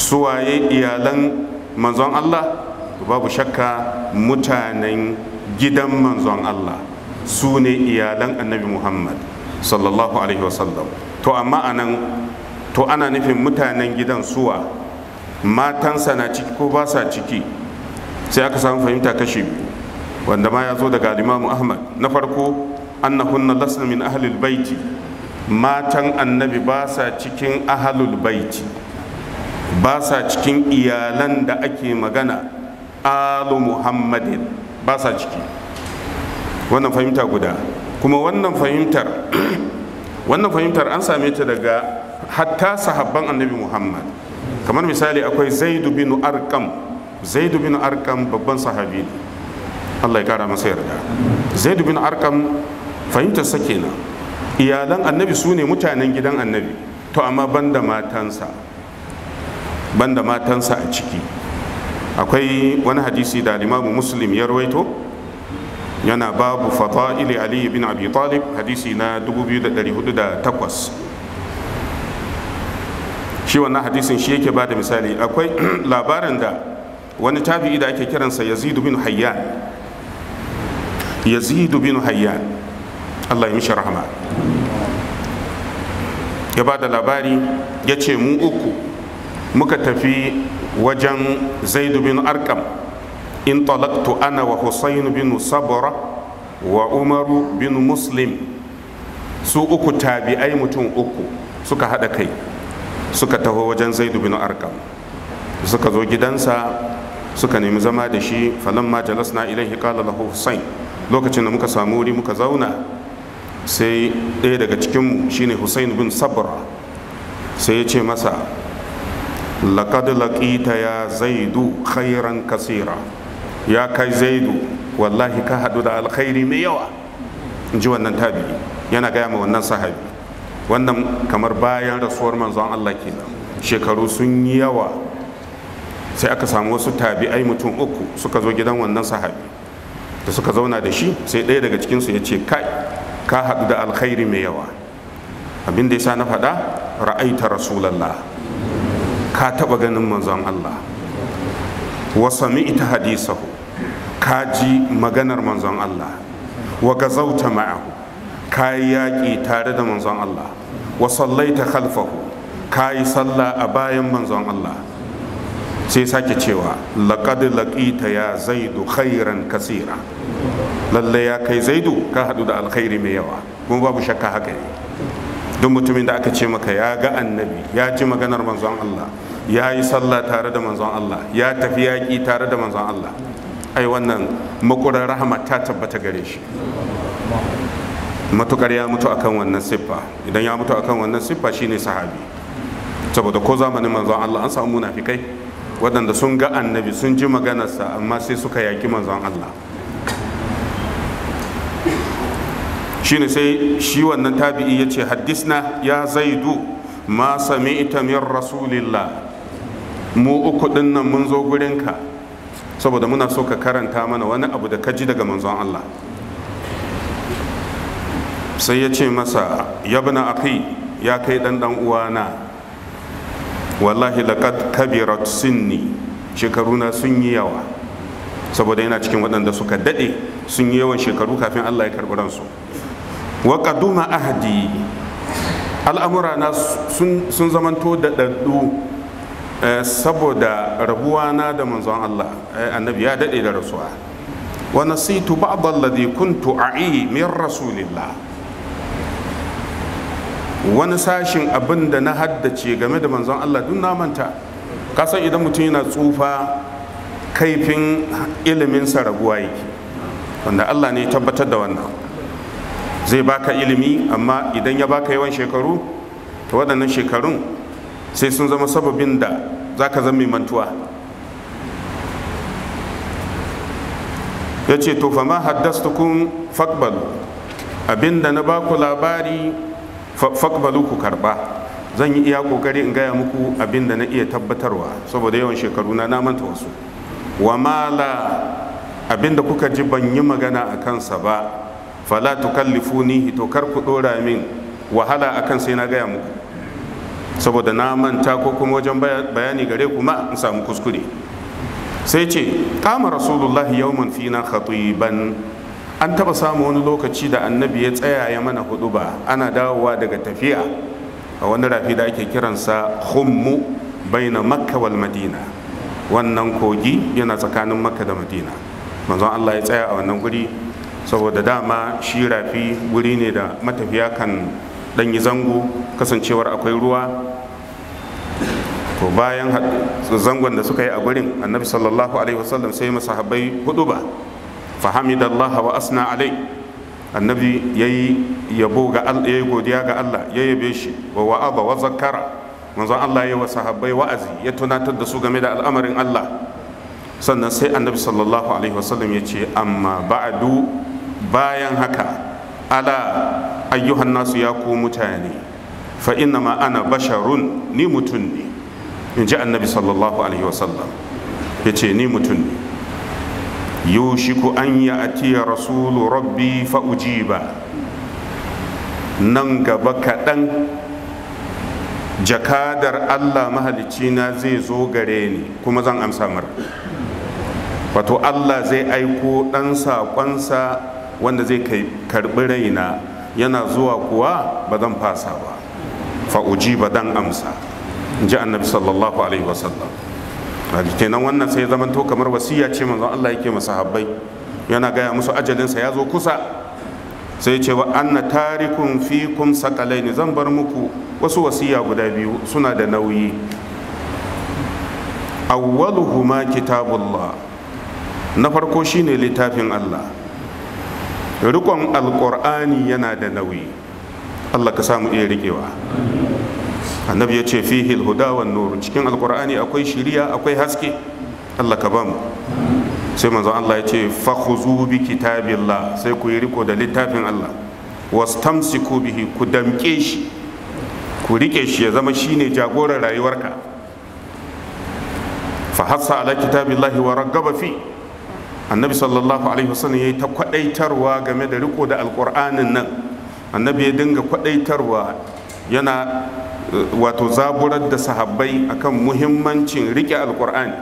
suwaye iyalan manzon allah babu shakka mutanen gidan manzon Allah su ne iyalan annabi Muhammad sallallahu alaihi wasallam to amma anan to ana nufin mutanen gidan suwa matansa na ciki ko ba sa ciki sai aka samu fahimta kashi biyu wanda ma ya zo daga limamu Ahmad na farko annahunna lasna min ahlil baiti matan annabi ba sa cikin ahlul baiti ba sa cikin iyalan da ake magana alu muhammadin ba sa ciki wannan fahimta guda kuma wannan fahimtar wannan fahimtar an same ta daga hatta sahabban annabi muhammad kamar misali akwai zaidu bin arkam zaidu bin arkam babban sahabi allah ya kara masa yarda zaidu bin arkam fahimtar sa kenan iyalan annabi su ne mutanen gidan annabi to amma banda matansa banda matansa a ciki akwai wani hadisi da limamu muslim ya rawaito yana babu fata'ili ali bin abi talib hadisi na 2408 shi wannan hadisin shi yake ba da misali akwai labarin da wani tabi'i da ake kiransa yazidu bin hayyan yazidu bin hayyan Allah ya mishi rahama ya ba da labari ya ce mu uku muka tafi wajen zaidu bin arkam in talaktu ana wa husayn bin sabra wa umaru bin muslim su uku tabi'ai mutum uku suka haɗa kai suka taho wajen zaidu bin arkam suka zo gidansa suka nemi zama da shi Majalis na ilaihi qala lahu husain lokacin da muka samu wuri muka zauna sai ɗaya daga cikinmu shine husain bin sabra sai ya ce masa لقد laƙita ya زيد خيرا kasira ya kai zaidu wallahi ka haɗu da alkhairi mai wannan tabi. yana gaya ma wannan sahabi wannan kamar bayan rasuwar manzon Allah kenan shekaru sun yi yawa sai aka samu wasu tabi'ai mutum uku suka zo gidan wannan sahabi da suka zauna da shi sai ɗaya daga cikinsu ya ce kai ka haɗu da alkhairi mai yawa abin da ya sa na faɗa ra'aita rasulallah ka taba ganin manzon Allah wa ita hadisahu ka ji maganar manzon Allah wa gazauta ma'ahu ka yi yaƙi tare da manzon Allah wa sallaita khalfahu ka yi sallah a bayan manzon Allah sai sake cewa laƙad laƙita ya zaidu khairan kasira lalle ya kai zaidu ka haɗu da alkhairi mai yawa kuma babu shakka haka ne duk mutumin da aka ce maka ya ga annabi ya ji maganar manzon Allah ya yi sallah tare da manzon Allah ya tafi yaƙi tare da manzon Allah ai wannan makurar rahama ta tabbata gare shi matukar ya mutu akan wannan siffa idan ya mutu akan wannan siffa shine sahabi saboda ko zamanin manzon Allah an samu munafikai waɗanda sun ga annabi sun ji maganarsa amma sai suka yaƙi manzon Allah shine sai shi wannan tabi'i ya ce haddisna ya zaidu ma ita min rasulillah mu uku nan mun zo gurinka saboda muna so ka karanta mana wani abu da ka ji daga manzon Allah sai ya ce masa yabna akhi ya kai dan dan uwana wallahi laqad kabirat sinni shekaruna sun yi yawa saboda yana cikin waɗanda suka daɗe sun yi yawan shekaru kafin Allah ya karɓi ransu wa qaduma ahdi al'amura na sun zamanto da daddu eh, saboda rabuwa na da manzon Allah eh, annabi ya daɗe da rasuwa wa nasitu ba'd alladhi kuntu a'i min rasulillah wani sashin abin da na haddace game da manzon Allah duk na manta kasan idan mutum yana tsufa kaifin ilimin sa raguwa yake wanda Allah ne tabbatar da wannan zai baka ilimi amma idan ya baka yawan shekaru ta waɗannan shekarun sai sun zama sababin da za ka zama mantuwa ya ce to fama kun fakbalu abinda na baku labari fakbalu ku karba zan yi iya kokari in gaya muku abinda na iya tabbatarwa saboda yawan shekaru na manta wasu wa mala abinda kuka ji ban yi magana a kansa ba fala tukallifuni to kar ku dora min wahala akan sai na gaya muku saboda na manta ko kuma wajen bayani gare ku ma in samu kuskure sai ce kama rasulullahi yawman fina khatiban an taba samu wani lokaci da annabi ya tsaya ya mana hudu ba ana dawowa daga tafiya a wani rafi da ake kiransa hummu baina makka wal madina wannan kogi yana tsakanin makka da madina manzon allah ya tsaya a wannan guri saboda dama shi rafi wuri ne da matafiya kan ɗanyi zango kasancewar akwai ruwa to bayan zangon da suka yi a gurin annabi sallallahu alaihi wasallam sai masahabbai hudu ba Allah wa asna alai annabi yayi yabo ga Allah yayi godiya ga Allah ya yabe shi wa wa'aba wa zakara manzon Allah yayi wa sahabbai wa'azi ya tunatar da su game da al'amarin Allah sannan sai annabi sallallahu alaihi wasallam ya ce amma ba'du bayan haka ala ayyuhan nasu ya ku mutane fa inna ma ana basharun ni mutum ne in ji annabi sallallahu alaihi wasallam ya ce ni mutum ne yushiku an ya atiya rasulu rabbi fa ujiba nan gaba kaɗan jakadar Allah na zai zo gare ni kuma zan amsa mar wato Allah zai aiko ɗan saƙonsa wanda zai kai karɓi raina yana zuwa kuwa ba zan fasa ba fa'uji ba dan amsa in ji annabi sallallahu alaihi wasallam kenan wannan sai zama to kamar wasiya ce manzo Allah yake masa habbai yana gaya musu ajalinsa ya zo kusa sai ce wa anna tarikun fikum sakalaini zan bar muku wasu wasiya guda biyu suna da nauyi awwaluhuma kitabullah na farko shine littafin Allah rikon alƙur'ani yana da nauyi allah ka samu iya rikewa annabi ya ce fihi huda nur cikin alkur'ani akwai shiriya akwai haske Allah ka mu. sai manzon Allah ya ce fakhuzu bi kitabillah sai ku yi riko da littafin Allah wastamsiku bihi ku damke shi ku rike shi ya zama shine jagoran rayuwarka fa hassa ala kitabillahi wa raggaba fi annabi sallallahu alaihi wasallam yi ta kwadaitarwa game da riko da alkur'anin nan annabi ya dinga kwadaitarwa yana eh, wato zaburar da sahabbai akan muhimmancin riƙe alkur'ani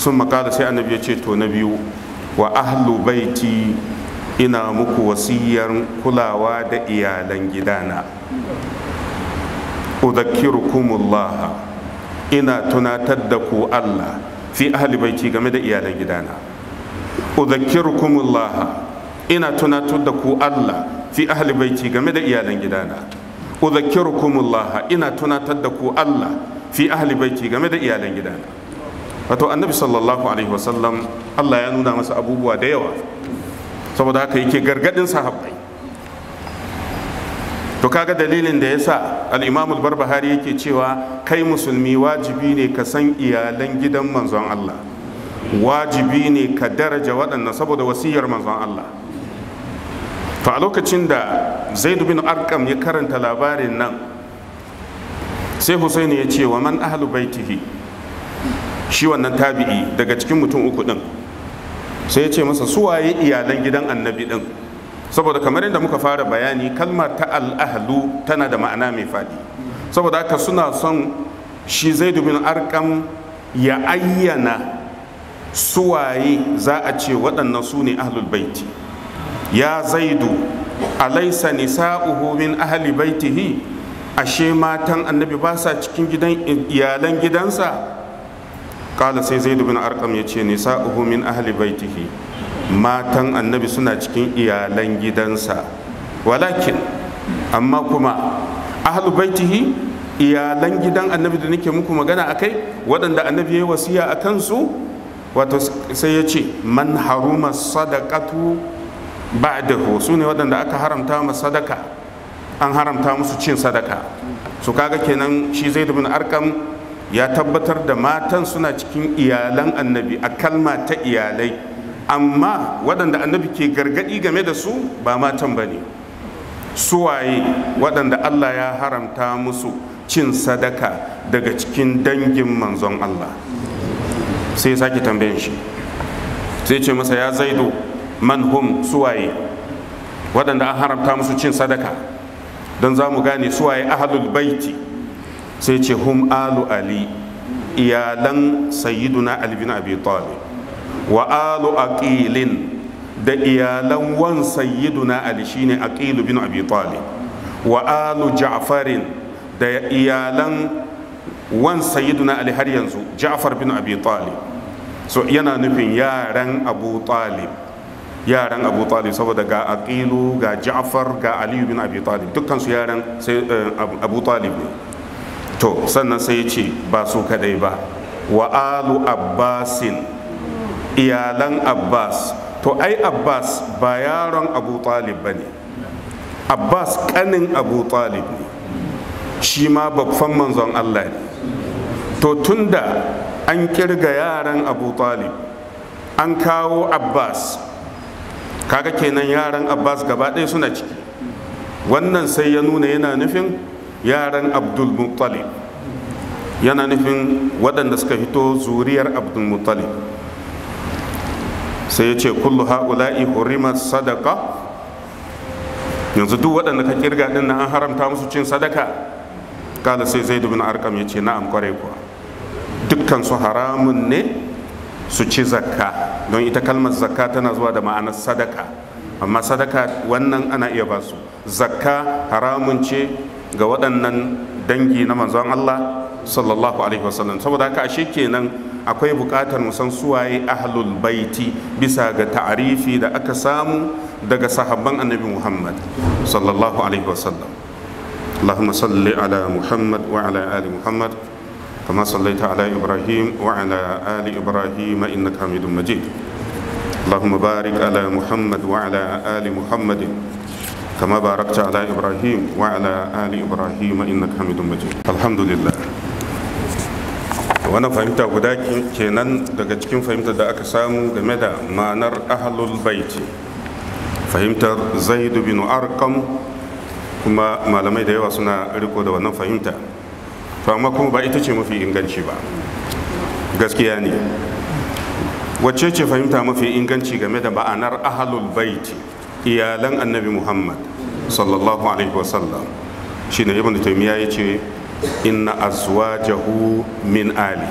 sun makala sai annabi ya ce to na biyu wa ahlu baiti ina muku wasiyar kulawa da iyalan gidana udhakkirukumullah ina tunatar da ku Allah fi ahli baiti game da iyalan gidana udhakkirukumullah ina tunatar da ku Allah fi ahli baiti game da iyalan gidana udhakkirukumullah ina tunatar da ku Allah fi ahli baiti game da iyalan gidana wato annabi sallallahu alaihi wasallam Allah ya nuna masa abubuwa da yawa saboda haka yake gargadin sahabbai to kaga dalilin da yasa al-Imam al-Barbahari yake cewa kai musulmi wajibi ne ka san iyalan gidan manzon Allah wajibi ne ka daraja waɗannan saboda wasiyar manzon Allah to a lokacin da zaidu bin arkam ya karanta labarin nan sai husaini ya ce wa man ahlu baitihi shi wannan tabi'i daga cikin mutum uku ɗin. sai ya ce masa suwaye iyalan gidan annabi ɗin. saboda kamar yadda muka fara bayani kalmar ta al'ahlu tana da ma'ana mai faɗi saboda haka suna son shi zaidu bin arkam ya ayyana suwaye za a ce waɗannan su ne ahlul baiti ya zaidu alaisa nisa'uhu min ahli baitihi ashe matan annabi ba sa cikin gidan iyalan gidansa kala sai zaidu bin arkam ya ce nisa'uhu min ahli baitihi matan annabi suna cikin iyalan gidansa walakin amma kuma ahli baitihi iyalan gidan annabi da nake muku magana akai waɗanda annabi ya yi wasiya a kansu wato sai ya ce man haruma sadaqatu ba'dahu su ne waɗanda aka haramta ma sadaka an haramta musu cin sadaka su kaga kenan shi zai dubin arkam ya tabbatar da matan suna cikin iyalan annabi a kalma ta iyalai amma waɗanda annabi ke gargaɗi game da su ba matan ba ne suwaye waɗanda allah ya haramta musu cin sadaka daga cikin dangin manzon allah sai ya sake tambayan shi sai ce masa ya zaidu man hum suwaye waɗanda an haramta musu cin sadaka don za mu gane suwaye ahalul baiti sai ce hum alu ali iyalan sayyiduna ali bin abi talib wa alu aqilin da iyalan wan sayyiduna ali shine aqilu bin abi talib wa alu ja'farin da iyalan wan sayyiduna ali har yanzu ja'far bin abi talib so yana nufin yaran abu talib yaran abu talib saboda ga aqilu ga ja'far ga ali bin abi talib dukkan su yaran sai eh, abu talib ne to sannan sai ce ba su kadai ba wa alu abbasin iyalan abbas to ai abbas ba yaron abu talib ba ne abbas kanin abu talib ne shi ma babban manzon allah ne to tun da an kirga yaran abu talib an kawo abbas kaga kenan yaran abbas gaba ɗaya suna ciki wannan sai ya nuna yana nufin yaran abdul muttalib yana nufin waɗanda suka fito zuriyar abdul muttalib sai ya ce kullu ha'ula'i hurimat sadaka yanzu duk waɗanda ka kirga ɗin na an haramta musu cin sadaka kala sai zai bin arkam ya ce na'am kwarai kuwa dukkansu haramun ne su ci zakka don ita kalmar zakka tana zuwa da ma'anar sadaka amma sadaka wannan ana iya ba su zakka haramun ce ga waɗannan dangi na manzon Allah sallallahu alaihi wasallam saboda haka ashe kenan akwai buƙatar mu san suwaye ahlul baiti bisa ga ta'arifi da aka samu daga sahabban annabi Muhammad sallallahu alaihi wasallam اللهم كما صليت على إبراهيم وعلى آل إبراهيم إنك حميد مجيد اللهم بارك على محمد وعلى محمد كما باركت على وعلى حميد مجيد الحمد لله wannan fahimta guda kenan daga cikin fahimtar da aka samu game da ma'anar ahlul baiti fahimtar zaidu bin arkam kuma malamai da yawa suna riko da wannan fahimta to kuma ba ita ce mafi inganci ba gaskiya ne wacce ce fahimta mafi inganci game da ma'anar ahalul baiti iyalan annabi muhammad sallallahu alaihi wasallam shine ibn ya yace inna azwajahu min ali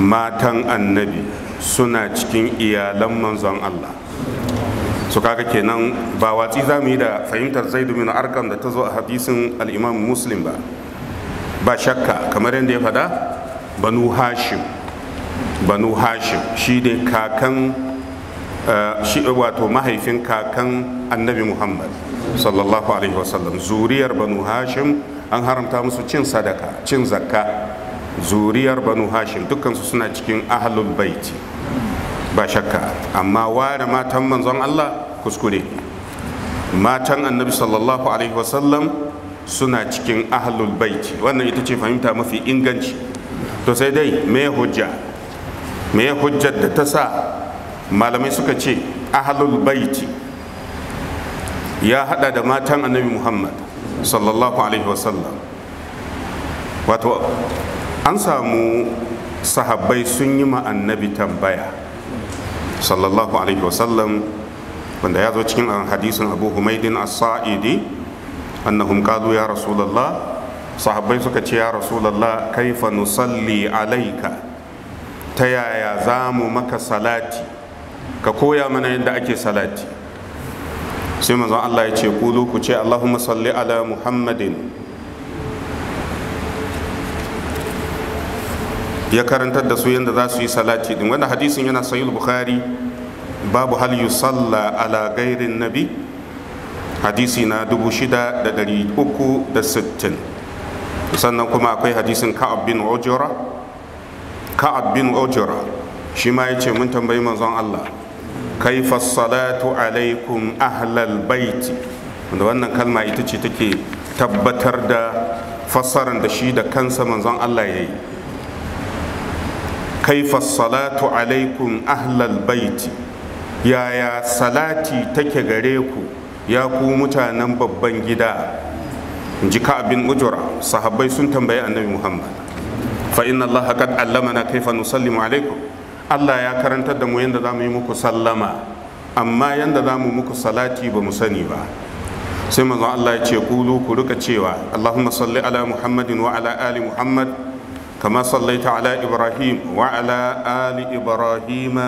matan annabi suna cikin iyalan manzon Allah su kaga kenan ba watsi za mu yi da fahimtar zaidu bin arkan da ta zo a hadisin alimam muslim ba ba shakka kamar yadda ya faɗa banu hashim banu hashim shi ne kakan eh, shi wato mahaifin kakan annabi muhammad sallallahu alaihi wasallam zuriyar banu hashim an haramta musu cin sadaka cin zakka zuriyar banu hashim dukkansu suna cikin ahlul baiti ba shakka amma ware matan manzon allah kuskure matan annabi sallallahu alaihi wasallam suna cikin ahlul baiti wannan ita ce fahimta mafi inganci to sai dai me hujja me hujjar da ta sa malamai suka ce ahlul bait ya hada da matan annabi muhammad sallallahu alaihi wasallam wato an samu sahabbai sun yi ma annabi tambaya sallallahu alaihi wasallam wanda ya zo cikin hadisin abu humaidin as-sa'idi annahum qalu ya rasulullah sahabbai suka ce ya rasulullah kaifa nusalli alaika ta yaya za mu maka salati ka koya mana yadda ake salati sai manzon Allah ya ce kulu ku ce Allahumma salli ala Muhammadin ya karantar da su yadda za su yi salati din wanda hadisin yana sahih bukhari babu hal yusalla ala gairin nabi hadisi na dubu shida 6360 sannan kuma akwai hadisin ka'ab bin ujura ka'ab bin ujura shi ma yace mun tambayi manzon Allah kaifa salatu alaikum ahlal baiti wanda wannan kalma ita ce take tabbatar da fassarar da shi da kansa manzon Allah ya yi, kai salatu alaikum ahlal baiti yaya salati take gare ku ya ku mutanen babban gida ji bin ujura sahabbai sun tambayi annabi muhammad fa inna allah qad allamana kaifa nusallimu alaikum allah ya karantar da mu yanda mu yi muku sallama amma yanda zamu muku salati ba mu sani ba sai manzon allah ya ce kulu ku rika cewa allahumma salli ala muhammadin wa ala ali muhammad kama sallaita ala ibrahim wa ala ali ibrahim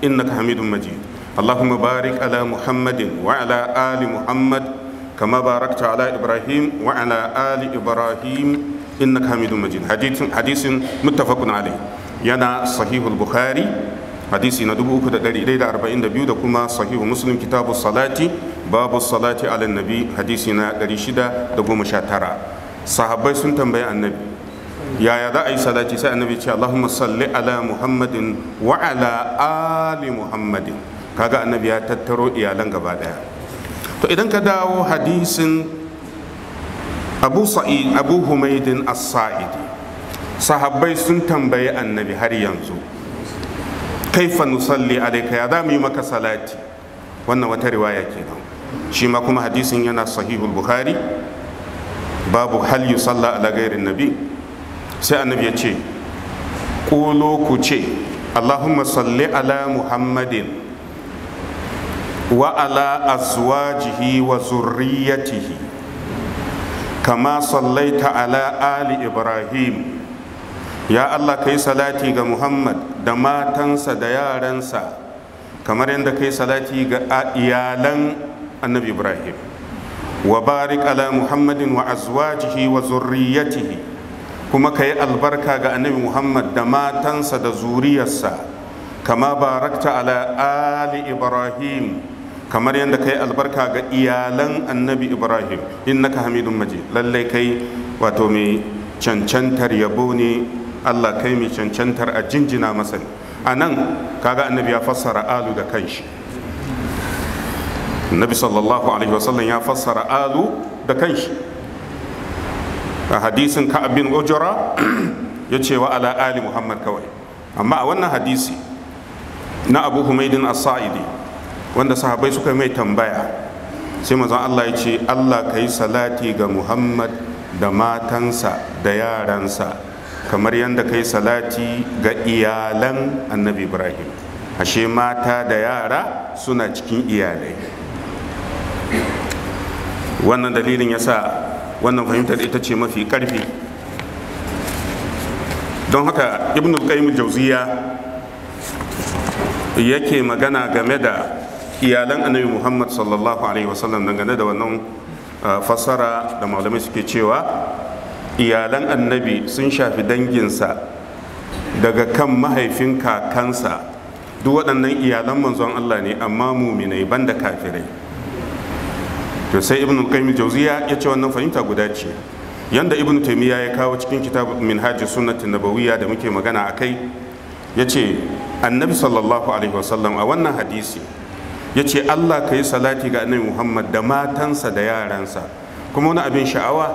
innaka hamidun majid اللهم بارك على محمد وعلى آل محمد كما باركت على إبراهيم وعلى آل إبراهيم إنك حميد مجيد حديث حديث متفق عليه ينا صحيح البخاري حديث ندبو كده دليل أربعين دبيو دكما صحيح مسلم كتاب الصلاة باب الصلاة على النبي حديثنا دليل شدة دقوم شاترا صحابي سنتم بي النبي يا يا دعي صلاة النبي اللهم صل على محمد وعلى آل محمد kaga annabi ya tattaro iyalan gaba daya to idan ka dawo hadisin abu sa'id abu humaidin as-sa'idi sahabbai sun tambayi annabi har yanzu kaifa nusalli alayka ya za mu yi maka salati wannan wata riwaya kenan shi ma kuma hadisin yana sahihul bukhari babu hal yusalla ala gairin nabi sai annabi ya ce ƙolo ku ce allahumma salli ala muhammadin wa ala azwajihi wa zurriyatihi kama sallaita ala ali ibrahim ya allah kai salati ga muhammad da matansa da yaransa kamar yadda kai salati ga iyalan annabi ibrahim wa barik ala muhammadin wa azwajihi wa zurriyatihi kuma ka yi albarka ga annabi muhammad da matansa da zuriyarsa kama barakta ala ali ibrahim kamar yadda kai albarka ga iyalan annabi ibrahim innaka hamidun maji lallai kai wato mai cancantar yabo ne allah kai mai cancantar a jinjina masa ne a nan kaga annabi ya fassara alu da kanshi annabi sallallahu alaihi wasallam ya fassara alu da kanshi a hadisin ka'ab bin ya ce wa ala ali muhammad kawai amma a wannan hadisi na abu humaidin as-sa'idi wanda sahabai suka mai tambaya sai mazan Allah ya ce Allah ka yi salati ga Muhammad da matansa da yaransa kamar yadda ka yi salati ga iyalan annabi Ibrahim ashe mata da yara suna cikin iyalai wannan dalilin ya sa wannan fahimtar ita ce mafi karfi don haka ibn al-qayyim jauziya yake magana game da iyalan annabi muhammad sallallahu alaihi wasallam dangane da wannan uh, fassara da malamai suke cewa iyalan annabi sun shafi danginsa daga kan mahaifin kakansa duk waɗannan iyalan manzon Allah ne amma muminai banda kafirai to sai ibn qayyim jauziya ya ce wannan fahimta guda ce yanda ibn taymiya ya kawo cikin kitab minhaj sunnati nabawiyya da muke magana akai yace annabi sallallahu alaihi wasallam a wannan hadisi ya ce allah ka yi salati ga annabi muhammad da matansa da yaransa kuma wani abin sha'awa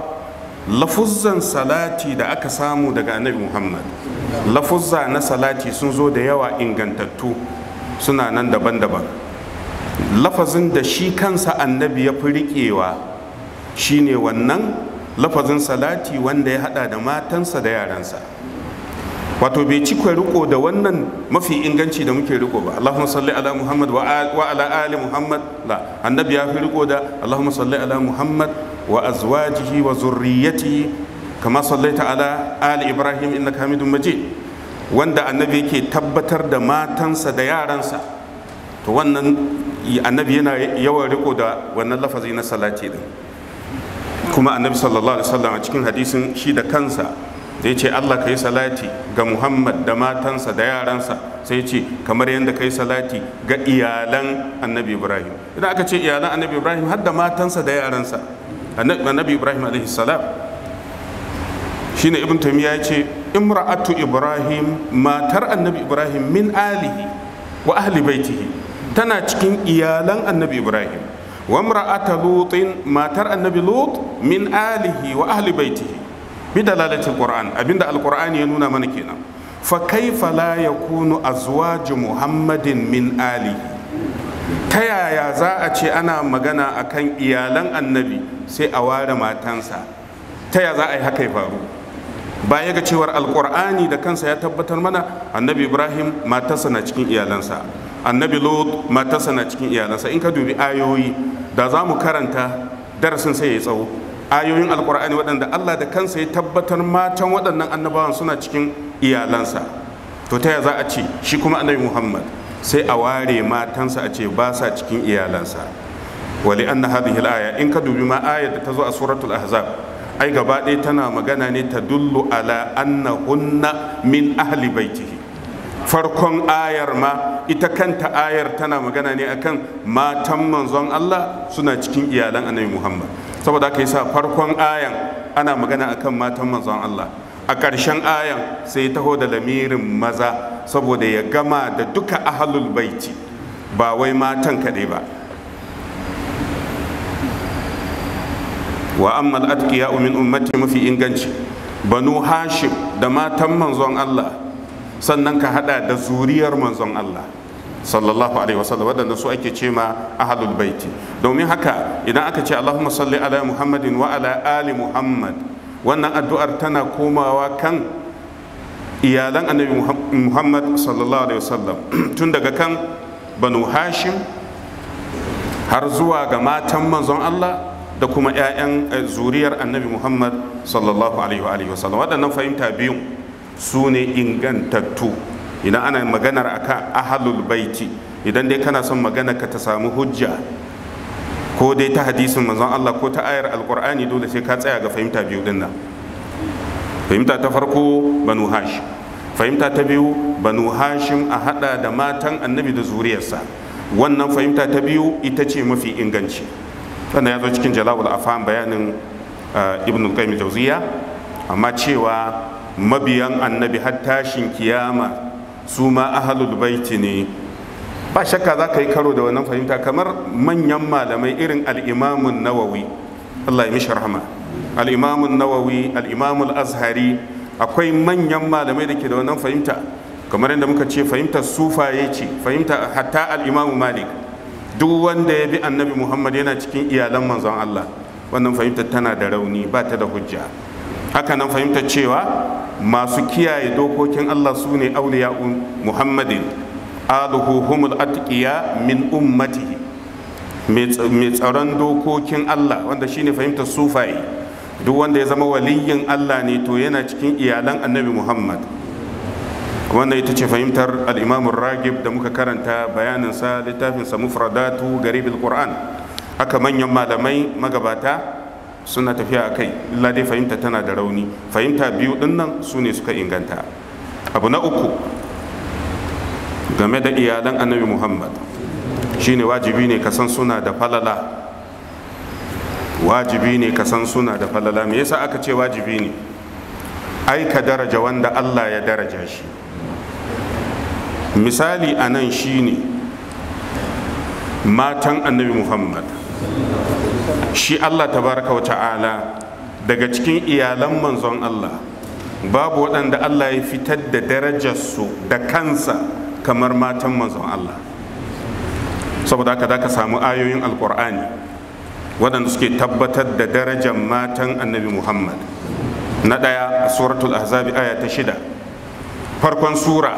lafuzzan salati da aka samu daga annabi muhammad lafuzza na salati sun zo da yawa ingantattu suna nan daban-daban lafazin da shi kansa annabi ya fi riƙewa shine wannan lafazin salati wanda ya hada da matansa da yaransa wato bai ci riko da wannan mafi inganci da muke riko ba Allahumma salli ala Muhammad wa ala ali Muhammad la annabi ya fi riko da Allahumma salli ala Muhammad wa azwajihi wa zurriyyatihi kama sallaita ala ali Ibrahim innaka Hamidum Majid wanda annabi yake tabbatar da matansa da yaransa to wannan annabi yana yawan riko da wannan lafazi na salati din kuma annabi sallallahu alaihi wasallam a cikin hadisin shi da kansa da ya ce Allah ka yi salati ga Muhammad da matansa da yaransa sai ce kamar yadda ka yi salati ga iyalan annabi Ibrahim idan aka ce iyalan annabi Ibrahim har da matansa da yaransa annabi Ibrahim alaihi salam shine ibn taymiya ya ce imra'atu Ibrahim matar annabi Ibrahim min alihi wa ahli baitihi tana cikin iyalan annabi Ibrahim wa imra'atu Lutin matar annabi Lut min alihi wa ahli baitihi bi dalalatil qur'an abinda alqur'ani ya nuna mana kenan fa kaifa la yakunu azwaju muhammadin min ali ta yaya za a ce ana magana akan iyalan annabi sai a ware matansa ta yaya za a yi haka ya faru baya ga cewar alqur'ani da kansa ya tabbatar mana annabi ibrahim matarsa na cikin iyalansa annabi lot matarsa na cikin iyalansa in ka dubi ayoyi da za mu karanta darasin sai ya tsawo ayoyin alkur'ani waɗanda allah da kansa ya tabbatar matan waɗannan annabawan suna cikin iyalansa to ta za a ce shi kuma annabi muhammad sai a ware matansa a ce ba sa cikin iyalansa wali anna hadhihi al-aya in ka dubi ma ayar da ta zo a suratul ahzab ai gaba ɗaya tana magana ne ta dullu ala annahunna min ahli baitihi farkon ayar ma ita kanta ayar tana magana ne akan matan manzon Allah suna cikin iyalan annabi Muhammad saboda yi sa farkon ayan ana magana akan matan manzon Allah a ƙarshen ayan sai taho da lamirin maza saboda ya gama da duka ahalul baiti ba wai matan kaɗai ba wa ammal atqiya min ummati mafi inganci banu hashim da matan manzon Allah sannan ka hada da zuriyar manzon Allah sallallahu alaihi wasallam waɗanda su ake ce ma ahlul baiti domin haka idan aka ce Allahumma salli ala Muhammadin wa ala ali Muhammad wannan addu'ar tana komawa kan iyalan annabi Muhammad sallallahu alaihi wasallam tun daga kan Banu Hashim har zuwa ga matan manzon Allah da kuma 'ya'yan eh, zuriyar annabi Muhammad sallallahu alaihi wasallam waɗannan fahimta biyun su ne ingantattu idan ana maganar akan ahalul baiti idan dai kana son magana ka ta samu hujja ko dai ta hadisin manzon Allah ko ta ayar alkur'ani dole sai ka tsaya ga fahimta biyu din nan fahimta ta farko banu hashim fahimta ta biyu banu hashim a hada da matan annabi da zuriyarsa wannan fahimta ta biyu ita ce mafi inganci sannan ya zo cikin jalawul afam bayanin eh, ibn al-qayyim amma cewa mabiyan annabi har tashin kiyama su ma ahalul baiti ne ba shakka za ka yi karo da wannan fahimta kamar manyan malamai irin al'imamun nawawi Allah ya rahama al'imamun nawawi al'imamul azhari akwai manyan malamai da ke da wannan fahimta kamar yadda muka ce fahimtar sufaye ce fahimta hatta al'imamu malik duk wanda ya bi annabi muhammad yana cikin iyalan manzon Allah wannan fahimtar tana da rauni ba ta da hujja haka nan fahimta cewa masu kiyaye dokokin Allah su ne auliya Muhammadin aluhu humul atqiya min ummatihi mai tsaron dokokin Allah wanda shine fahimtar sufaye duk wanda ya zama waliyin Allah ne to yana cikin iyalan annabi Muhammad wannan ita ce fahimtar al'imamun ragib da muka karanta bayanin sa littafin littafinsa mufradatu garibil qur'an haka manyan malamai magabata suna tafiya a kai illa dai fahimta tana da rauni fahimta biyu dinnan nan su ne suka inganta abu na uku game da iyalan annabi muhammad shine wajibi ne kasan suna da falala wajibi ne kasan suna da falala me yasa aka ce wajibi ne Aika daraja wanda allah ya daraja shi misali a nan shine matan annabi muhammad shi Allah tabaraka wa ta'ala daga cikin iyalan manzon Allah babu waɗanda Allah ya fitar da darajarsu da kansa kamar matan manzon Allah saboda haka da ka samu ayoyin alkur'ani waɗanda suke tabbatar da darajar matan annabi muhammad na ɗaya a suratul ahzabi aya ta shida farkon sura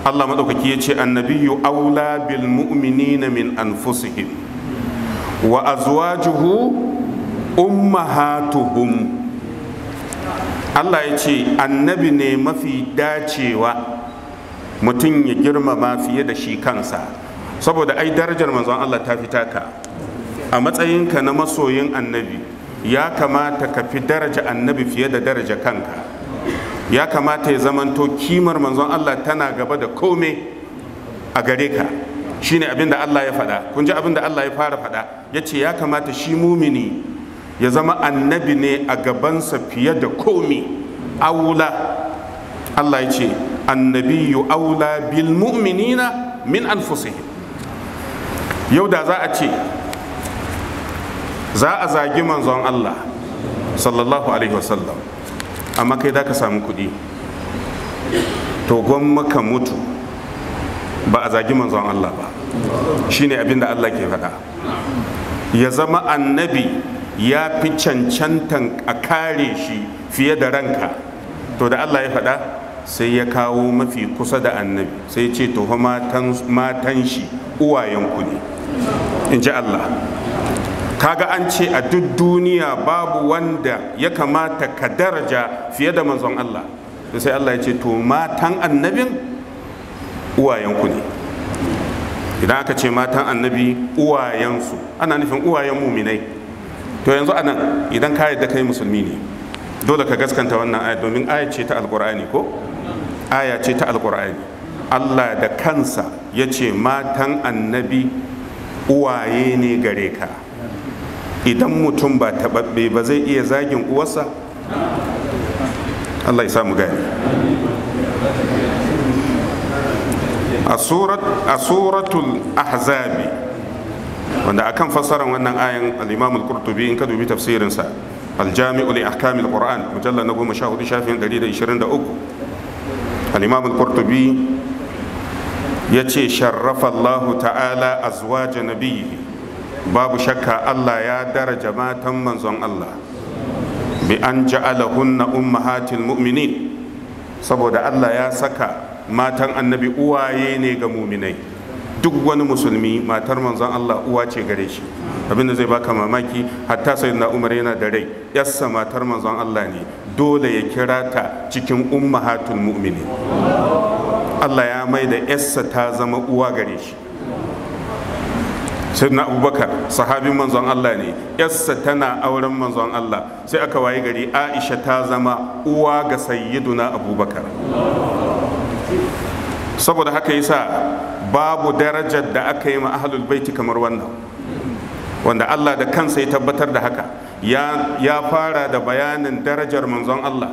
Allah maɗaukaki ya ce annabiyu aula bil mu'minina min anfusihim wa azwajuhu ummahatuhum Allah ya ce annabi ne mafi dacewa mutum ya girmama fiye da shi kansa saboda ai darajar manzon Allah ta fita ka a matsayinka na masoyin annabi ya kamata ka fi daraja annabi fiye da daraja kanka ya kamata ya zamanto kimar manzon Allah tana gaba da komai a gare ka shine abin da Allah ya faɗa kun ji abin da Allah ya fara faɗa ya ce ya kamata shi mumini ya zama annabi ne a gabansa fiye da komi aula Allah ya ce annabiyu aula bil mu'minina min anfusihim yau da za a ce za a zagi manzon Allah sallallahu alaihi wasallam amma kai da ka samu kuɗi to gwamma ka mutu ba a zagi manzon Allah ba shine abin da Allah ke faɗa ya zama annabi ya fi cancantan a kare shi fiye da ranka to da Allah ya faɗa sai ya kawo mafi kusa da annabi sai ce to matan shi uwayenku ne in ji Allah kaga an ce a duk duniya babu wanda ya kamata ka daraja fiye da manzon Allah sai Allah ya ce to matan annabin uwayenku ne idan aka ce matan annabi uwayensu ana nufin uwayen muminai to yanzu anan idan ka yadda kai musulmi ne dole ka gaskanta wannan aya domin aya ce ta alkur'ani ko aya ce ta alkur'ani allah da kansa ya ce matan annabi uwaye ne gare ka idan mutum ba taɓaɓɓe ba zai iya zagin uwarsa allah ya samu gani a suratul ahzabi wanda akan fassarar wannan ayan al-imam al-qurtubi in ka dubi tafsirinsa al-jami'u li ahkamil qur'an mujallal na goma sha hudu shafin 123 al-imam al-qurtubi ya ce sharrafa Allah ta'ala azwaja nabiyyi babu shakka Allah ya daraja matan manzon Allah bi an ja'alahunna ummahatil mu'minin saboda Allah ya saka matan annabi uwaye ne ga muminai duk wani musulmi matar manzon Allah uwa ce gare shi abinda zai baka mamaki hatta sayyidina Umar yana da rai yassa matar manzon Allah ne dole ya kira ta cikin ummahatul mu'minin Allah ya mai da yassa ta zama uwa gare shi sayyidina Abubakar sahabin manzon Allah ne yassa tana auren manzon Allah sai aka wayi gari Aisha ta zama uwa ga sayyiduna Abubakar saboda haka yasa babu darajar da aka yi ma ahlul baiti kamar wannan wanda Allah da kansa ya tabbatar da haka ya fara da bayanin darajar manzon Allah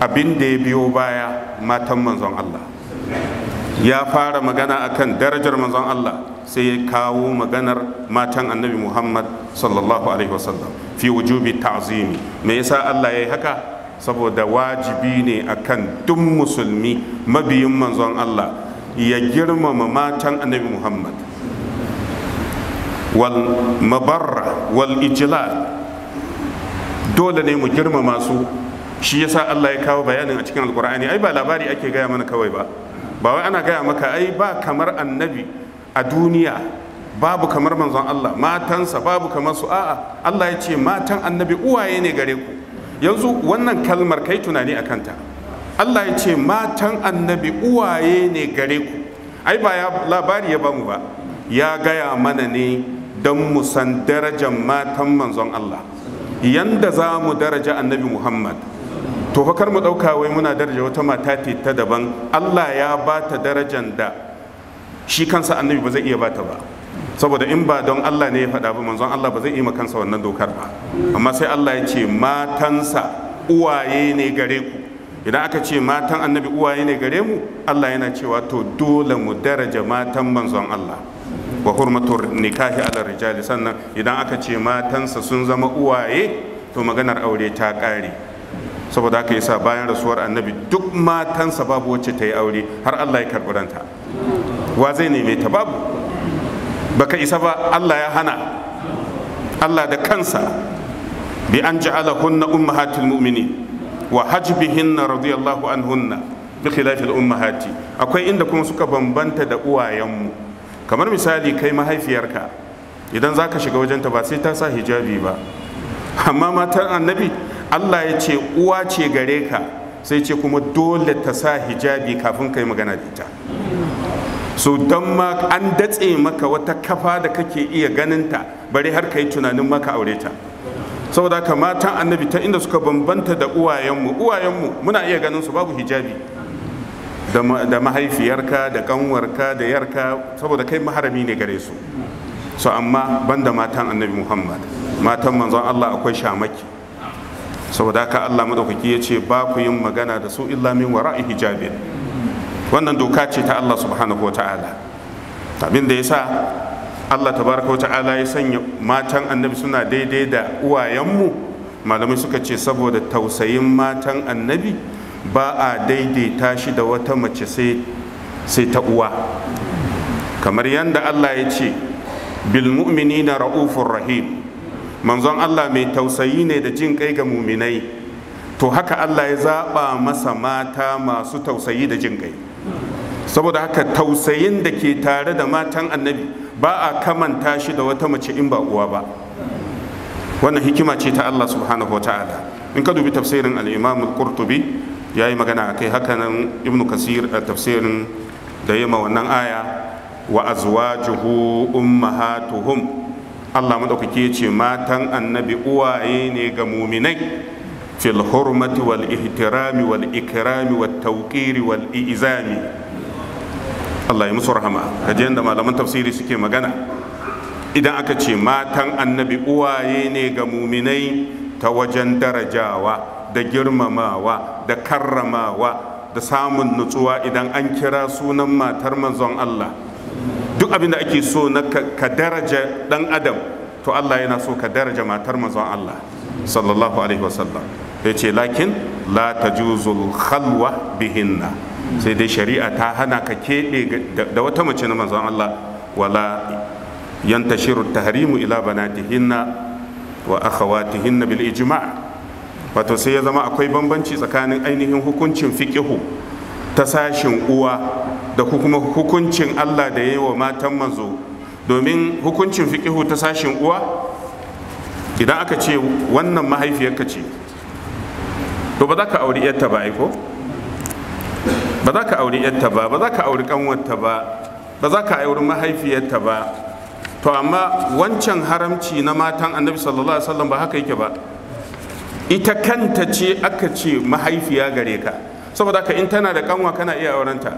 abin da ya biyo baya matan manzon Allah ya fara magana akan darajar manzon Allah sai ya kawo maganar matan annabi Muhammad sallallahu alaihi wasallam fi wujubi ta'zimi me yasa Allah ya yi haka saboda wajibi ne akan duk musulmi mabiyin manzon Allah ya girmama matan annabi Muhammad wal mabarra wal ijlal dole ne mu girmama su shi yasa Allah ya kawo bayanin a cikin alkur'ani ai ba labari ake gaya mana kawai ba ba wai ana gaya maka ai ba kamar annabi a duniya babu kamar manzon Allah matansa babu kamar su a'a Allah ya ce matan annabi uwaye ne gare ku yanzu wannan kalmar kai tunani a kanta allah ya ce matan annabi uwaye ne gare ku ai ba labari ya bamu ba ya gaya mana ne don mu san darajar matan manzon allah yanda za mu daraja annabi muhammad to mu ɗauka wai muna daraja wata mata ce ta daban allah ya ba ta darajar da shi kansa annabi ba zai iya ba ta ba saboda in ba don Allah ne ya faɗa ba manzon Allah ba zai yi kansa wannan dokar ba amma sai Allah ya ce matansa uwaye ne gare ku idan aka ce matan annabi uwaye ne gare mu Allah yana cewa to dole mu daraja matan manzon Allah wa hurmatur nikahi ala rijali sannan idan aka ce matansa sun zama uwaye to maganar aure ta ƙare saboda haka yasa bayan rasuwar annabi duk matansa babu wacce ta yi aure har Allah ya karɓi ranta wa zai neme ta babu baka isa ba Allah ya hana Allah da kansa bi an umma ummahatul mu'minin wa hajbihinna radiyallahu anhunna bi khilafil ummahati akwai inda kuma suka bambanta da uwayenmu kamar misali kai mahaifiyarka idan zaka shiga wajenta ba sai ta sa hijabi ba amma matar annabi Allah ya ce uwa ce gare ka sai ce kuma dole ta sa hijabi kafin kai magana da ita so don ma an datse maka wata kafa da kake iya ganinta bari har ka yi tunanin maka aure ta saboda ka matan annabi ta inda suka bambanta da uwayenmu uwayenmu muna iya ganin su babu hijabi da mahaifiyarka da kanwarka da yarka saboda kai maharami ne gare su so amma ban da matan annabi muhammad matan manzon allah akwai shamaki saboda ka allah madaukaki ya ce ba ku yin magana da su illa min wara'i hijabin wannan doka ce ta Allah subhanahu wa ta'ala abin da ya sa Allah tabaraka wa ta'ala ya sanya matan annabi suna daidai da uwayenmu malamai suka ce saboda tausayin matan annabi ba a daidaita shi da wata mace sai ta uwa kamar yadda Allah ya ce bil mu'minina ra'ufur rahim manzon Allah mai tausayi ne da jin kai ga muminai to haka Allah ya zaba masa mata masu tausayi da jin kai saboda haka tausayin da ke tare da matan annabi ba a kamanta shi da wata mace in ba uwa ba wannan hikima ce ta Allah subhanahu wa ta'ala in ka dubi tafsirin al-imam al-qurtubi yayi magana akai hakanan ibnu kasir a tafsirin da yema wannan aya wa azwajuhu ummahatuhum Allah madaukake ce matan annabi uwaye ne ga muminai fil hurmati wal ihtirami wal ikrami wat tawqiri wal izami Allah ya musu rahama kaji yadda malaman tafsiri suke magana idan aka ce matan annabi uwaye ne ga muminai ta wajen darajawa da girmamawa da karramawa da samun nutsuwa idan an kira sunan matar manzon Allah duk abin da ake so na ka daraja dan adam to Allah yana so ka daraja matar manzon Allah sallallahu alaihi wasallam ya ce lakin la tajuzul khalwa bihinna sai dai shari'a ta hana ka keɓe da wata mace na manzon Allah wala yantashiru Harimu ila banatihinna wa akhawatihinna bil ijma' wato sai ya zama akwai bambanci tsakanin ainihin hukuncin fiqihu ta sashin uwa da kuma hukuncin Allah da ya yi wa matan manzo domin hukuncin fikihu ta sashin uwa idan aka ce wannan mahaifiyarka ce to ba za ka auri yarta ba aiko ba za ka auri yarta ba ba za ka auri kanwarta ba ba za ka auri mahaifiyarta ba to amma wancan haramci na matan annabi sallallahu alaihi wasallam ba haka yake ba ita kanta ce aka ce mahaifiya gare ka saboda ka in tana da kanwa kana iya aurenta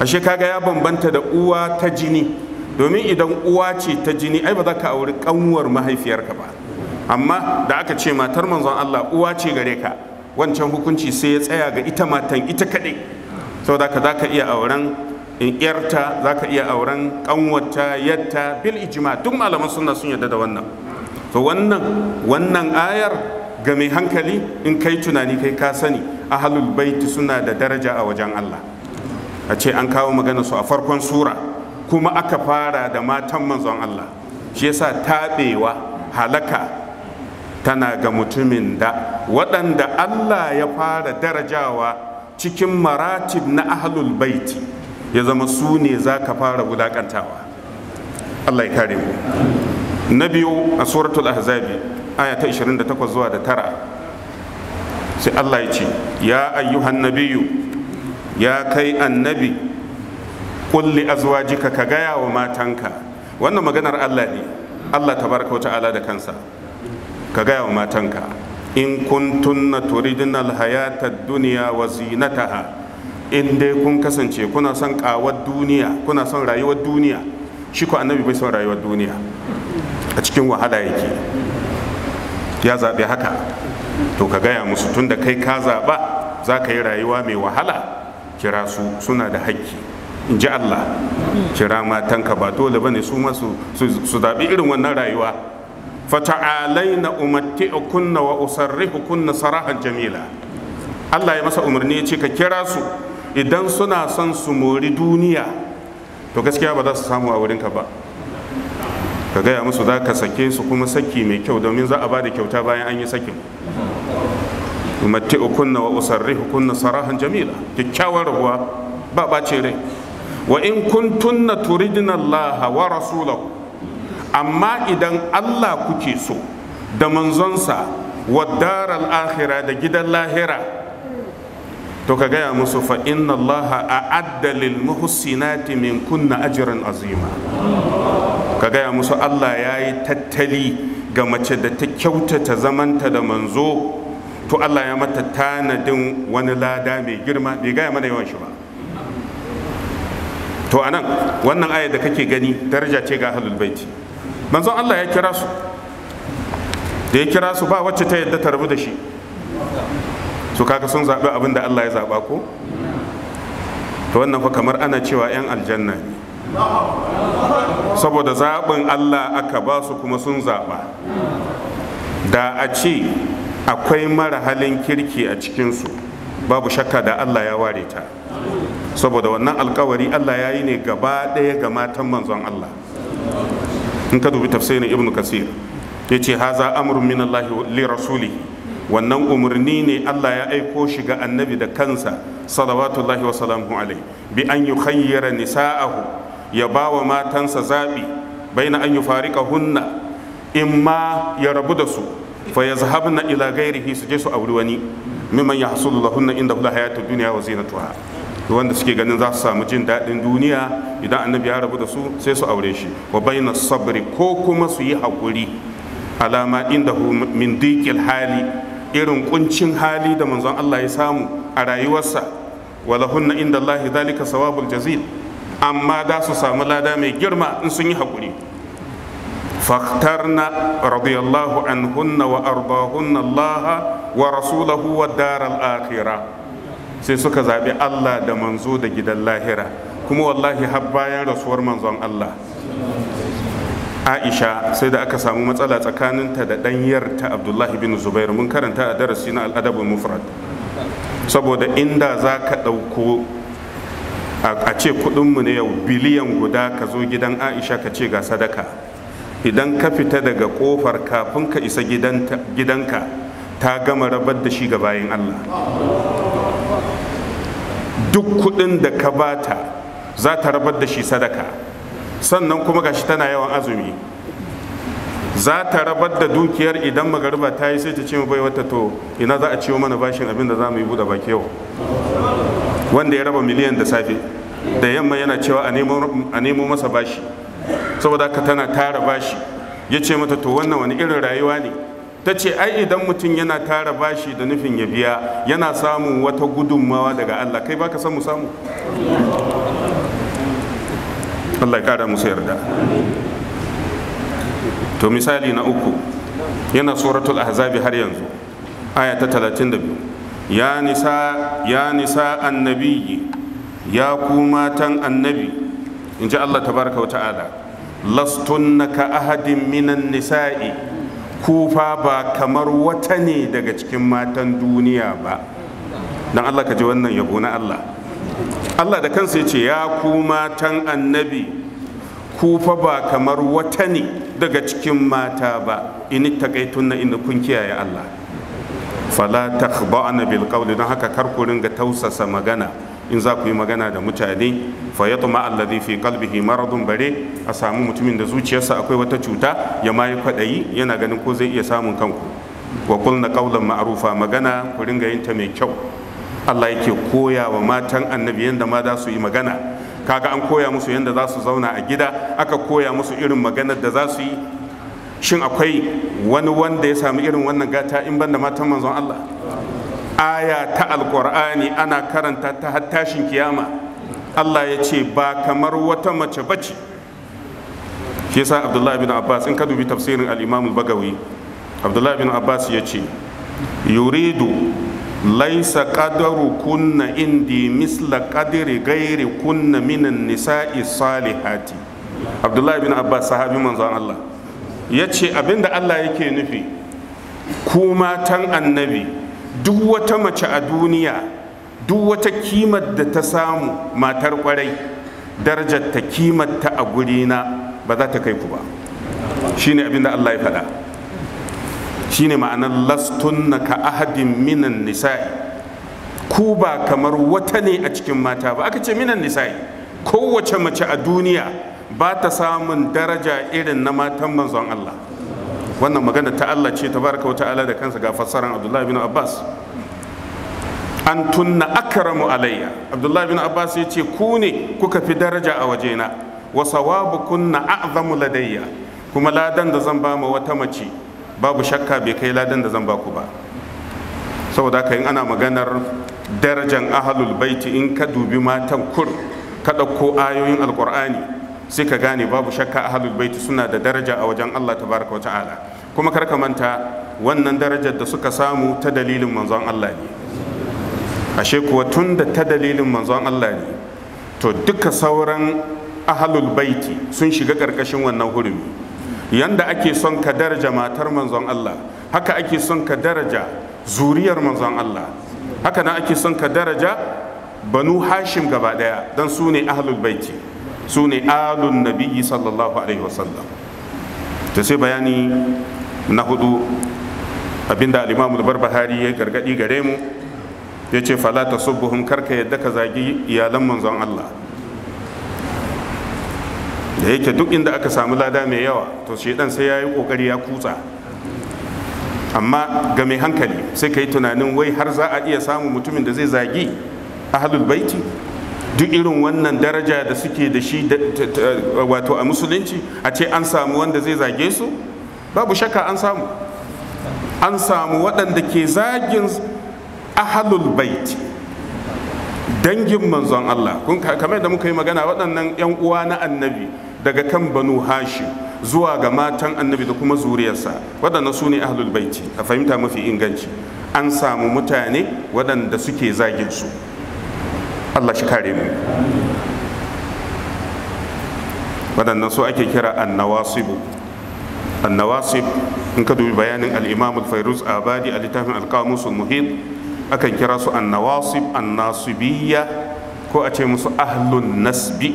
ashe kaga ya bambanta da uwa ta jini domin idan uwa ce ta jini ai ba za ka auri kanwar mahaifiyarka ba amma da aka ce matar manzon Allah uwa ce gare ka wancan hukunci sai ya tsaya ga ita matan ita kaɗai saboda ka za ka iya auren in yarta za ka iya auren ƙanwata yatta bil ijma duk malaman suna sun yarda da wannan to wannan wannan ayar ga mai hankali in kai tunani kai ka sani a ahlul baiti suna da daraja a wajen Allah a ce an kawo magana su a farkon sura kuma aka fara da matan manzon Allah shi yasa taɓewa halaka tana ga mutumin da waɗanda Allah ya fara darajawa cikin maratib na ahlul baiti ya zama su ne za ka fara wulaƙantawa Allah ya kare mu na biyu a suratul ahzabi aya ta 28 zuwa da tara sai Allah ya ce ya ayyuhan nabiyu ya kai annabi kulli jika ka gaya wa matanka wannan maganar Allah ne Allah tabaraka wa ta'ala da kansa ka gaya wa matanka in kun kuntunna turidna alhayata duniya wa zinataha in dai kun kasance kuna son kawar duniya kuna son rayuwar duniya shi ko annabi bai son rayuwar duniya a cikin wahala yake ya zaɓi haka to ka gaya musu tun da kai ka zaɓa za ka yi rayuwa mai wahala kira su suna da haƙƙi in ji Allah kira matanka ba dole ba ne su masu su zaɓi irin wannan rayuwa fata'alaina umatti'ukunna wa usarrihukunna sarahan jamila Allah ya masa umarni ya ce ka kira su idan suna son su mori duniya to gaskiya ba za su samu a wurinka ba ka gaya musu za ka sake su kuma saki mai kyau domin za a ba da kyauta bayan an yi sakin umatti'ukunna wa usarrihukunna sarahan jamila kyakkyawar ruwa ba ɓace rai wa in kuntunna turidna Allah wa rasulahu amma idan Allah kuke so da manzonsa waddaral akhira da gidan lahira to ka gaya musu fa inna Allah a'adda lil muhsinati min kunna ajiran azima ka gaya musu Allah ya yi tattali ga mace da ta kyautata zamanta da manzo to Allah ya mata tanadin wani lada mai girma bai gaya mana yawan shi ba to anan wannan ayar da kake gani daraja ce ga ahlul baiti manzon Allah ya kira su da ya kira su ba wacce ta yadda ta rabu da shi su kaga sun zaɓi abin Allah ya zaɓa ko to wannan fa kamar ana cewa 'yan aljanna ne saboda zaɓin Allah aka ba su kuma sun zaɓa da a ce akwai mara halin kirki a cikinsu babu shakka da Allah ya ware ta saboda wannan alkawari Allah ya yi ne gaba ɗaya ga matan manzon Allah in ka dubi tafsirin ibnu kasir ya ce haza amurin min Allah li rasuli wannan umarni ne Allah ya aiko shi ga annabi da kansa salawatullahi wa salamu alai bi an yi khayyara nisa'ahu ya ba wa matansa zaɓi bai na an yi farika hunna in ma ya rabu da su fa ya zahabna ila gairihi su je su auri wani mimman ya hasulu lahunna inda hula hayatu duniya wa zinatuha wanda suke ganin za su samu jin daɗin duniya idan annabi ya rabu da su sai su aure shi wa baina sabri ko kuma su yi haƙuri alama inda min diƙil hali irin kuncin hali da manzon Allah ya samu a rayuwarsa walahunna inda Allah zalika sawabul jazil amma za su samu lada mai girma in sun yi haƙuri faktarna radiyallahu anhunna wa arbahunna Allah wa rasulahu wa sai suka zaɓi Allah da manzo da gidan lahira kuma wallahi har bayan rasuwar manzon Allah Aisha sai da aka samu matsala tsakaninta da ɗanyar ta Abdullahi bin Zubair mun karanta a darasi na al'adabin mufrad saboda inda za ka ɗauko a ce kuɗinmu ne yau biliyan guda ka zo gidan Aisha ka ce ga sadaka idan ka fita daga ƙofar kafin ka isa gidanka ta gama rabar da shi ga bayan Allah duk kuɗin da ka bata za ta rabar da shi sadaka sannan kuma gashi tana yawan azumi za ta rabar da dukiyar idan magariba ta yi sai ta ce bai wata to ina za a ciwo mana bashin abin da za mu yi buɗe baki yau wanda ya raba miliyan da safe da yamma yana cewa a nemo masa bashi saboda haka tana tara bashi ya ce mata to wannan wani irin rayuwa ne ta ce ai idan mutum yana tara bashi da nufin ya biya yana samun wata gudunmawa daga Allah kai baka samu samu Allah ya kara musu yarda to misali na uku yana suratul ahzabi har yanzu aya ta 32 ya nisa ya nisa annabi ya ku matan annabi in ji Allah tabaraka wa ta'ala lastunna ka ahadin minan nisa'i kufa ba kamar wata ne daga cikin matan duniya ba don allah ka ji wannan yabo na allah allah da kansa ya ce ya ku matan annabi kufa ba kamar wata ne daga cikin mata ba ini kai na inda kun kiyaye allah fala ta bil qawli don haka kar ku ringa tausasa magana in za ku yi magana da mutane fa ya tuma allazi fi qalbihi maradun bare a samu mutumin da zuciyarsa akwai wata cuta ya ma yi kwadayi yana ganin ko zai iya samun kanku wa kulna qawlan ma'rufa magana ku ringa yin ta mai kyau Allah yake koya wa matan annabi yanda ma za su yi magana kaga an koya musu yadda za su zauna a gida aka koya musu irin maganar da za su yi shin akwai wani wanda ya samu irin wannan gata in banda matan manzon Allah aya ta alkur'ani ana karanta ta tashin kiyama allah ya ce ba kamar wata mace bace shi yasa abdullahi bin abbas in ka dubi tafsirin al-imam bagawi abdullahi bin abbas ya ce yuridu laisa qadaru kunna indi misla qadri gairi kunna minan nisa'i salihati abdullahi bin abbas sahabi manzon allah ya ce abinda allah yake nufi ku matan annabi duk wata mace a duniya duk wata kimar da ta samu matar kwarai darajar ta kimar ta a gurina ba za ta kai ku ba shine abinda Allah ya faɗa shine ma'anar lastunna ka ahadin minan nisa'i ku ba kamar wata ne a cikin mata ba aka ce minan nisa'i kowace mace a duniya ba ta samun daraja irin na matan manzon Allah wannan magana ta Allah ce tabaraka wa ta'ala da kansa ga fassaran Abdullahi bin Abbas an tunna akramu alayya Abdullahi bin Abbas ya ce ku ne kuka fi daraja a wajena wa sawabukunna a'zamu ladayya kuma ladan da zan ba ma wata mace babu shakka bai kai ladan da zan ba ku ba saboda haka in ana maganar darajan ahlul baiti in ka dubi matan kur ka ayoyin alkur'ani sai ka gane babu shakka ahlul baiti suna da daraja a wajen Allah tabaraka wa ta'ala kuma karka manta wannan darajar da suka samu ta dalilin manzon Allah ne ashe kuwa tun da ta dalilin manzon Allah ne to duka sauran ahalul baiti sun shiga ƙarƙashin wannan hurumi yanda ake son ka daraja matar manzon Allah haka ake son ka daraja zuriyar manzon Allah haka nan ake son ka daraja banu hashim gaba daya don su ne ahalul baiti su ne alun nabiyyi sallallahu alaihi wasallam Ta sai bayani na hudu abinda al-imamu barbahari ya gargadi gare mu ya ce fala subuhun karka yadda ka zagi iyalan manzon Allah da yake duk inda aka samu lada mai yawa to shedan sai ya yi kokari ya kutsa amma ga mai hankali sai ka yi tunanin wai har za a iya samun mutumin da zai zagi ahlul baiti duk irin wannan daraja da suke da shi wato a musulunci a ce an samu wanda zai zage su babu shakka an samu an samu waɗanda ke zagin ahalul bait dangin manzon Allah kun kamar da muka yi magana waɗannan 'yan uwa na annabi daga kan banu hashim zuwa ga matan annabi da kuma zuriyarsa waɗannan su ne ahalul bait a fahimta mafi inganci an samu mutane waɗanda suke zagin su Allah shi kare mu waɗannan su ake kira annawasibu annawasib in ka dubi bayanin al-imam a fairuz a littafin al-qamus al-muhit akan kira su annawasib annasibiyya ko a ce musu ahlun nasbi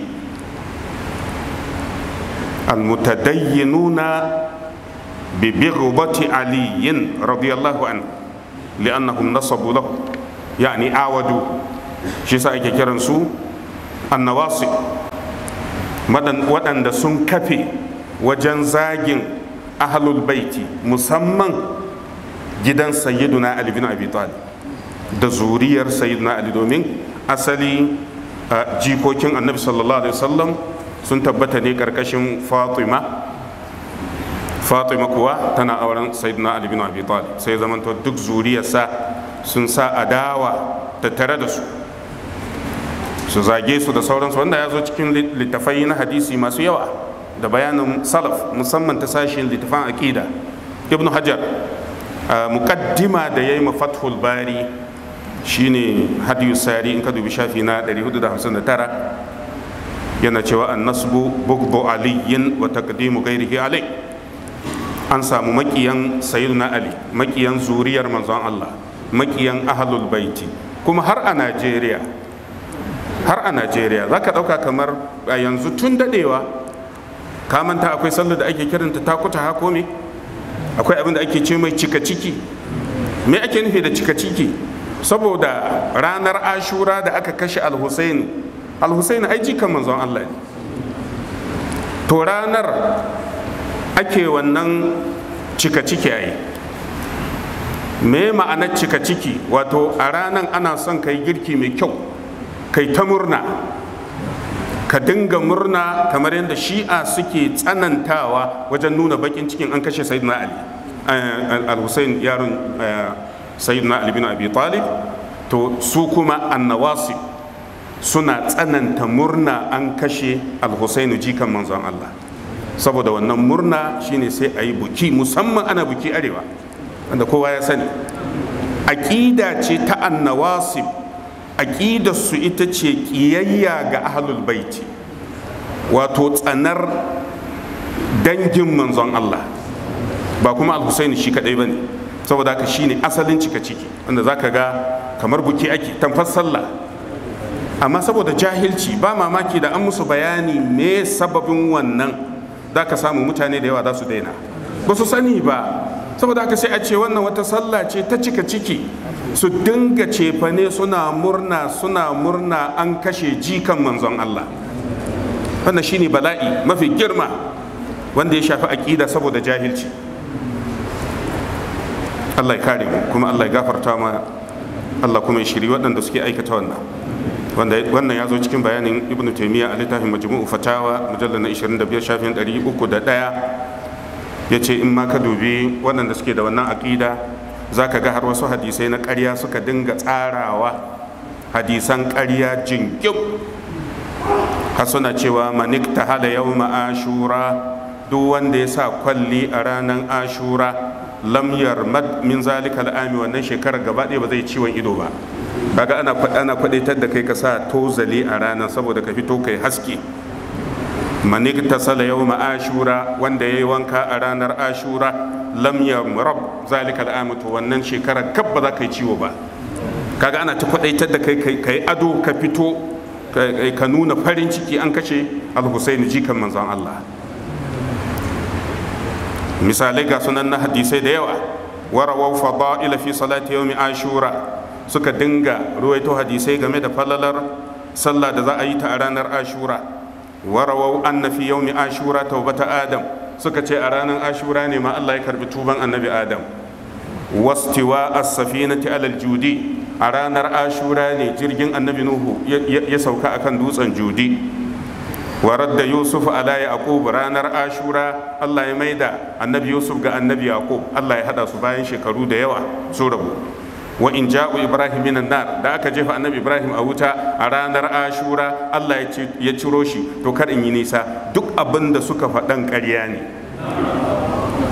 al-mutadayyinuna bi bighbati aliyin radiyallahu anhu li'annahum nasabu lahu yani awadu shi sa ake kiran su annawasib waɗanda sun kafe wajen zagin ahlul baiti musamman gidan sayyiduna ali bin abi talib da zuriyar sayyiduna ali domin asali jikokin annabi sallallahu alaihi wasallam sun tabbata ne karkashin fatima fatima kuwa tana auren sayyiduna ali bin abi talib sai zamanto duk zuriyarsa sun sa adawa ta tare da su su zage su da sauransu wanda ya zo cikin littafai na hadisi masu yawa da bayanin salaf musamman ta sashen littafan aƙida ibn hajar muqaddima da yayi fathul bari shine hadiyu sari in ka dubi shafi na 459 yana cewa an nasbu bugdu aliyin wa taqdimu ghairihi alai an samu makiyan sayyidina ali makiyan zuriyar manzon Allah makiyan ahlul baiti kuma har a Najeriya har a Najeriya zaka dauka kamar a yanzu tun dadewa ka manta akwai sallar da ake kiranta takuta ha ko me akwai abin da ake ce mai cika ciki me ake nufi da cika ciki saboda ranar ashura da aka kashe al-husaini al-husaini ai jikan manzon Allah ne to ranar ake wannan cika ciki yayi me ma'anar cika ciki wato a ranan ana son kai girki mai kyau kai ta murna ka dinga murna kamar yadda shi'a suke tsanantawa wajen nuna bakin cikin an kashe sayyidina ali eh, eh, al-husayn yaron eh, sayyidina ali bin abi talib to su kuma annawasi suna tsananta murna an kashe al-husayn jikan manzon Allah saboda wannan murna shine sai ayi yi buki musamman ana buki arewa wanda kowa ya sani aƙida ce ta annawasi aƙidarsu ita ce ƙiyayya ga ahlul baiti wato tsanar dangin manzon Allah ba kuma al-husaini shi kadai ba ne saboda haka shine asalin cika ciki wanda za ka ga kamar buki ake tamfar sallah amma saboda jahilci ba mamaki da an musu bayani me sababin wannan za ka samu mutane da yawa za su daina ba su sani ba saboda haka sai a ce wannan wata sallah ce ta cika ciki su dinga cefane suna murna suna murna an kashe jikan manzon Allah wannan shine bala'i mafi girma wanda ya shafi aƙida saboda jahilci Allah ya kare mu kuma Allah ya gafarta ma Allah kuma ya shiri waɗanda suke aikata wannan wannan ya zo cikin bayanin ibnu taimiyya a littafin majmu'u fatawa mujallar na 25 shafin 301 ya ce in ma ka dubi waɗanda suke da wannan aƙida za ka ga har wasu hadisai na ƙarya suka dinga tsarawa hadisan ƙarya jinkin hasuna cewa manik ta hada yau ma'ashura duk wanda ya sa kwalli a ranar ashura lamyar min zalika al'ami wannan shekarar gaba ɗaya ba zai ciwon ido ba kaga ana ana da kai ka sa tozali a ranar saboda ka fito kai haske manik yau ashura wanda ya yi wanka a ranar ashura lam yamrab zalika al'amutu wannan shekara kab ba za ka yi ciwo ba kaga ana ta kwadaitar da kai kai ado ka fito ka nuna farin ciki an kashe al-husaini jikan manzon Allah misalai ga sunan na hadisai da yawa warawar fada'ila fi salati yawmi ashura suka dinga ruwaito hadisai game da falalar sallah da za a yi ta a ranar ashura warawau annafi fi yawmi ashura taubata adam suka ce a ranar ashura ne ma Allah ya karbi tuban annabi adam wastiwa as-safinati alal judi a ranar ashura ne jirgin annabi nuhu ya sauka akan dutsen judi Warar da yusuf ala yaqub ranar ashura Allah ya maida annabi yusuf ga annabi yaqub Allah ya hada su bayan shekaru da yawa su rabu wa in ja'u ibrahim minan nar da aka jefa annabi ibrahim a wuta a ranar ashura Allah ya ciro shi to kar in yi nisa duk abin da suka faɗan ƙarya ne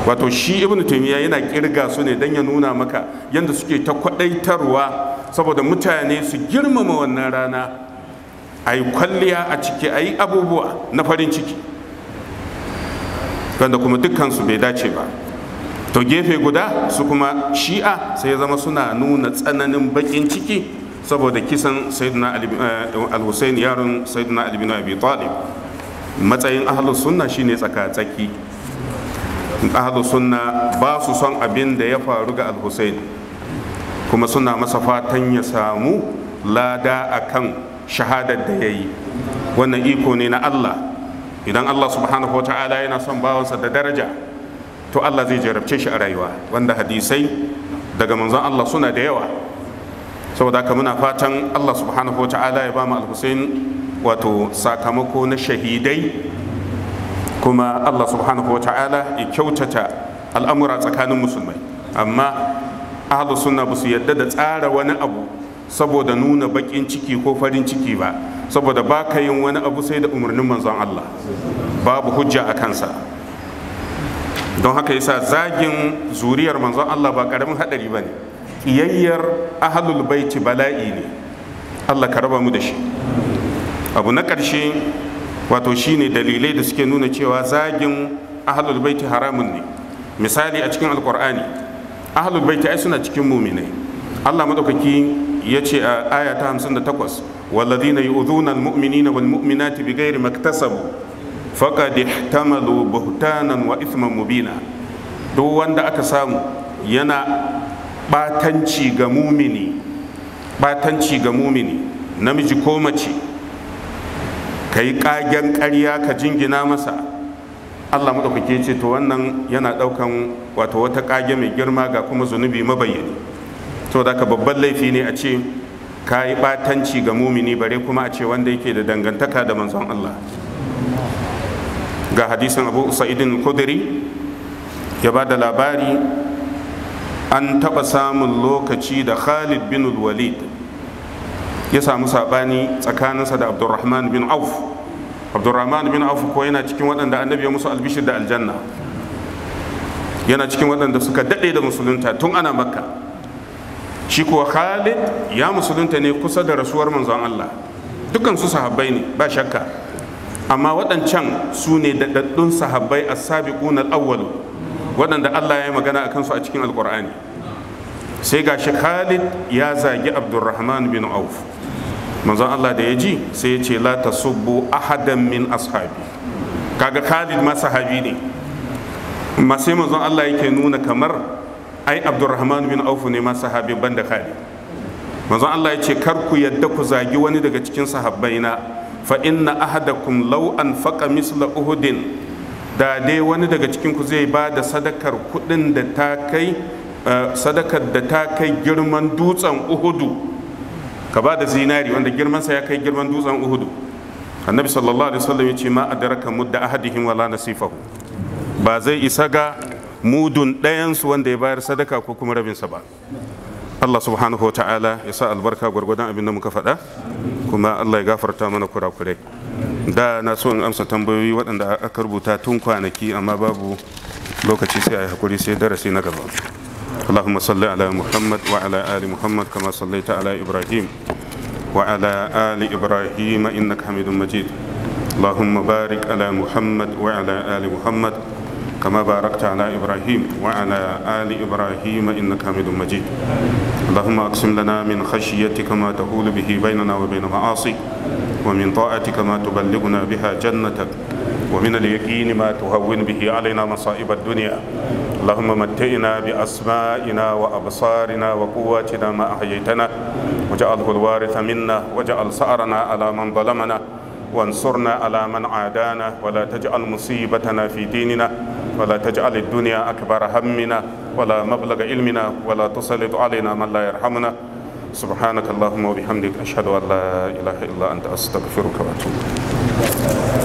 wato shi ibn taymiya yana kirga su ne dan ya nuna maka yanda suke ta kwadaitarwa saboda mutane su girmama wannan rana a yi kwalliya a ciki a yi abubuwa na farin ciki wanda kuma dukkansu bai dace ba to gefe guda su kuma shi'a sai ya zama suna nuna tsananin bakin ciki saboda kisan sayyidina eh, al-husayn yaron sayyidina albino bin abi talib matsayin ahlus sunna shine tsaka-tsaki ahlus sunna ba su son abin da ya faru ga al-husayn kuma suna masa fatan ya samu lada akan shahadar da ya yi wannan iko ne na Allah idan Allah subhanahu wa ta'ala yana son bawansa da daraja to Allah zai jarabce shi a rayuwa wanda hadisai daga manzon Allah suna da yawa saboda haka muna fatan Allah subhanahu wa ta'ala ya ba mu al-Husain wato sakamako na shahidai kuma Allah subhanahu wa ta'ala ya kyautata al'amura tsakanin musulmai amma ahlus sunna ba su yadda da tsara wani abu saboda nuna bakin ciki ko farin ciki ba saboda ba ka yin wani abu sai da umarnin manzon Allah babu hujja a kansa don haka yasa zagin zuriyar manzon Allah ba karamin hadari bane kiyayyar ahlul baiti bala'i ne Allah ka raba mu da shi abu na karshe wato shine dalilai da suke nuna cewa zagin ahlul baiti haramun ne misali a cikin alkur'ani ahlul baiti ai suna cikin muminai Allah madaukaki ya ce a aya ta 58 walladhina yu'dhuna al-mu'minina wal mu'minati bighairi maktasabu faqad ihtamalu buhtanan wa ithman mubina duk wanda aka samu yana batanci ga mumini batanci ga mumini namiji ko mace ka yi ƙagen ƙarya ka jingina masa allah maɗaukake ce to wannan yana ɗaukan wato wata ƙage mai girma ga kuma zunubi mabayyani to da ka babban laifi ne a ce ka yi ɓatanci ga mumini bare kuma a ce wanda yake da dangantaka da manzon allah ga hadisin abu sa'idin kudiri ya ba da labari an taɓa samun lokaci da khalid bin walid ya samu saɓani tsakaninsa da abdurrahman bin auf abdurrahman bin auf ko yana cikin waɗanda annabi ya musu albishir da aljanna yana cikin waɗanda suka daɗe da musulunta tun ana makka shi kuwa khalid ya musulunta ne kusa da rasuwar manzon allah dukansu sahabbai ne ba shakka amma waɗancan su ne daɗaɗɗun sahabbai a sabiquna al-awwal waɗanda Allah ya yi magana a kansu a cikin alqur'ani sai ga shi Khalid ya zagi Abdulrahman bin Auf manzon Allah da ya ji sai ya ce la tasubbu ahadan min ashabi kaga Khalid ma sahabi ne amma sai manzon Allah yake nuna kamar ai Abdulrahman bin Auf ne ma sahabi banda Khalid manzon Allah ya ce kar ku yadda ku zagi wani daga cikin na. fa inna ahadakum lau'an anfaqa misla uhudin da dai wani daga cikinku zai ba da sadakar kudin da ta kai eh, sadakar da ta kai girman dutsen uhudu ka ba da zinari wanda girmansa ya kai girman dutsen uhudu annabi sallallahu alaihi wasallam ya ce ma adraka mudda ahadihim wala nasifahu ba zai isa ga mudun ɗayansu wanda ya bayar sadaka ko kuma rabinsa ba Allah subhanahu wa ta'ala ya sa albarka gwargwadon abin da muka faɗa kuma Allah ya gafarta mana kurakure da na so in amsa tambayoyi waɗanda aka rubuta tun kwanaki amma babu lokaci sai a yi hakuri sai darasi na gaba اللهم صل على muhammad وعلى آل محمد ala Ibrahim wa ala ali Ibrahim innaka إنك majid Allahumma barik ala Muhammad wa ala Ali Muhammad. كما باركت على إبراهيم وعلى آل إبراهيم إنك حميد مجيد اللهم أقسم لنا من خشيتك ما تهول به بيننا وبين معاصيك ومن طاعتك ما تبلغنا بها جنتك ومن اليقين ما تهون به علينا مصائب الدنيا اللهم متئنا بأسمائنا وأبصارنا وقواتنا ما أحييتنا وجعله الوارث منا وجعل سأرنا على من ظلمنا وانصرنا على من عادانا ولا تجعل مصيبتنا في ديننا ولا تجعل الدنيا أكبر همنا ولا مبلغ علمنا ولا تسلط علينا من لا يرحمنا سبحانك اللهم وبحمدك أشهد أن لا إله إلا أنت أستغفرك وأتوب إليك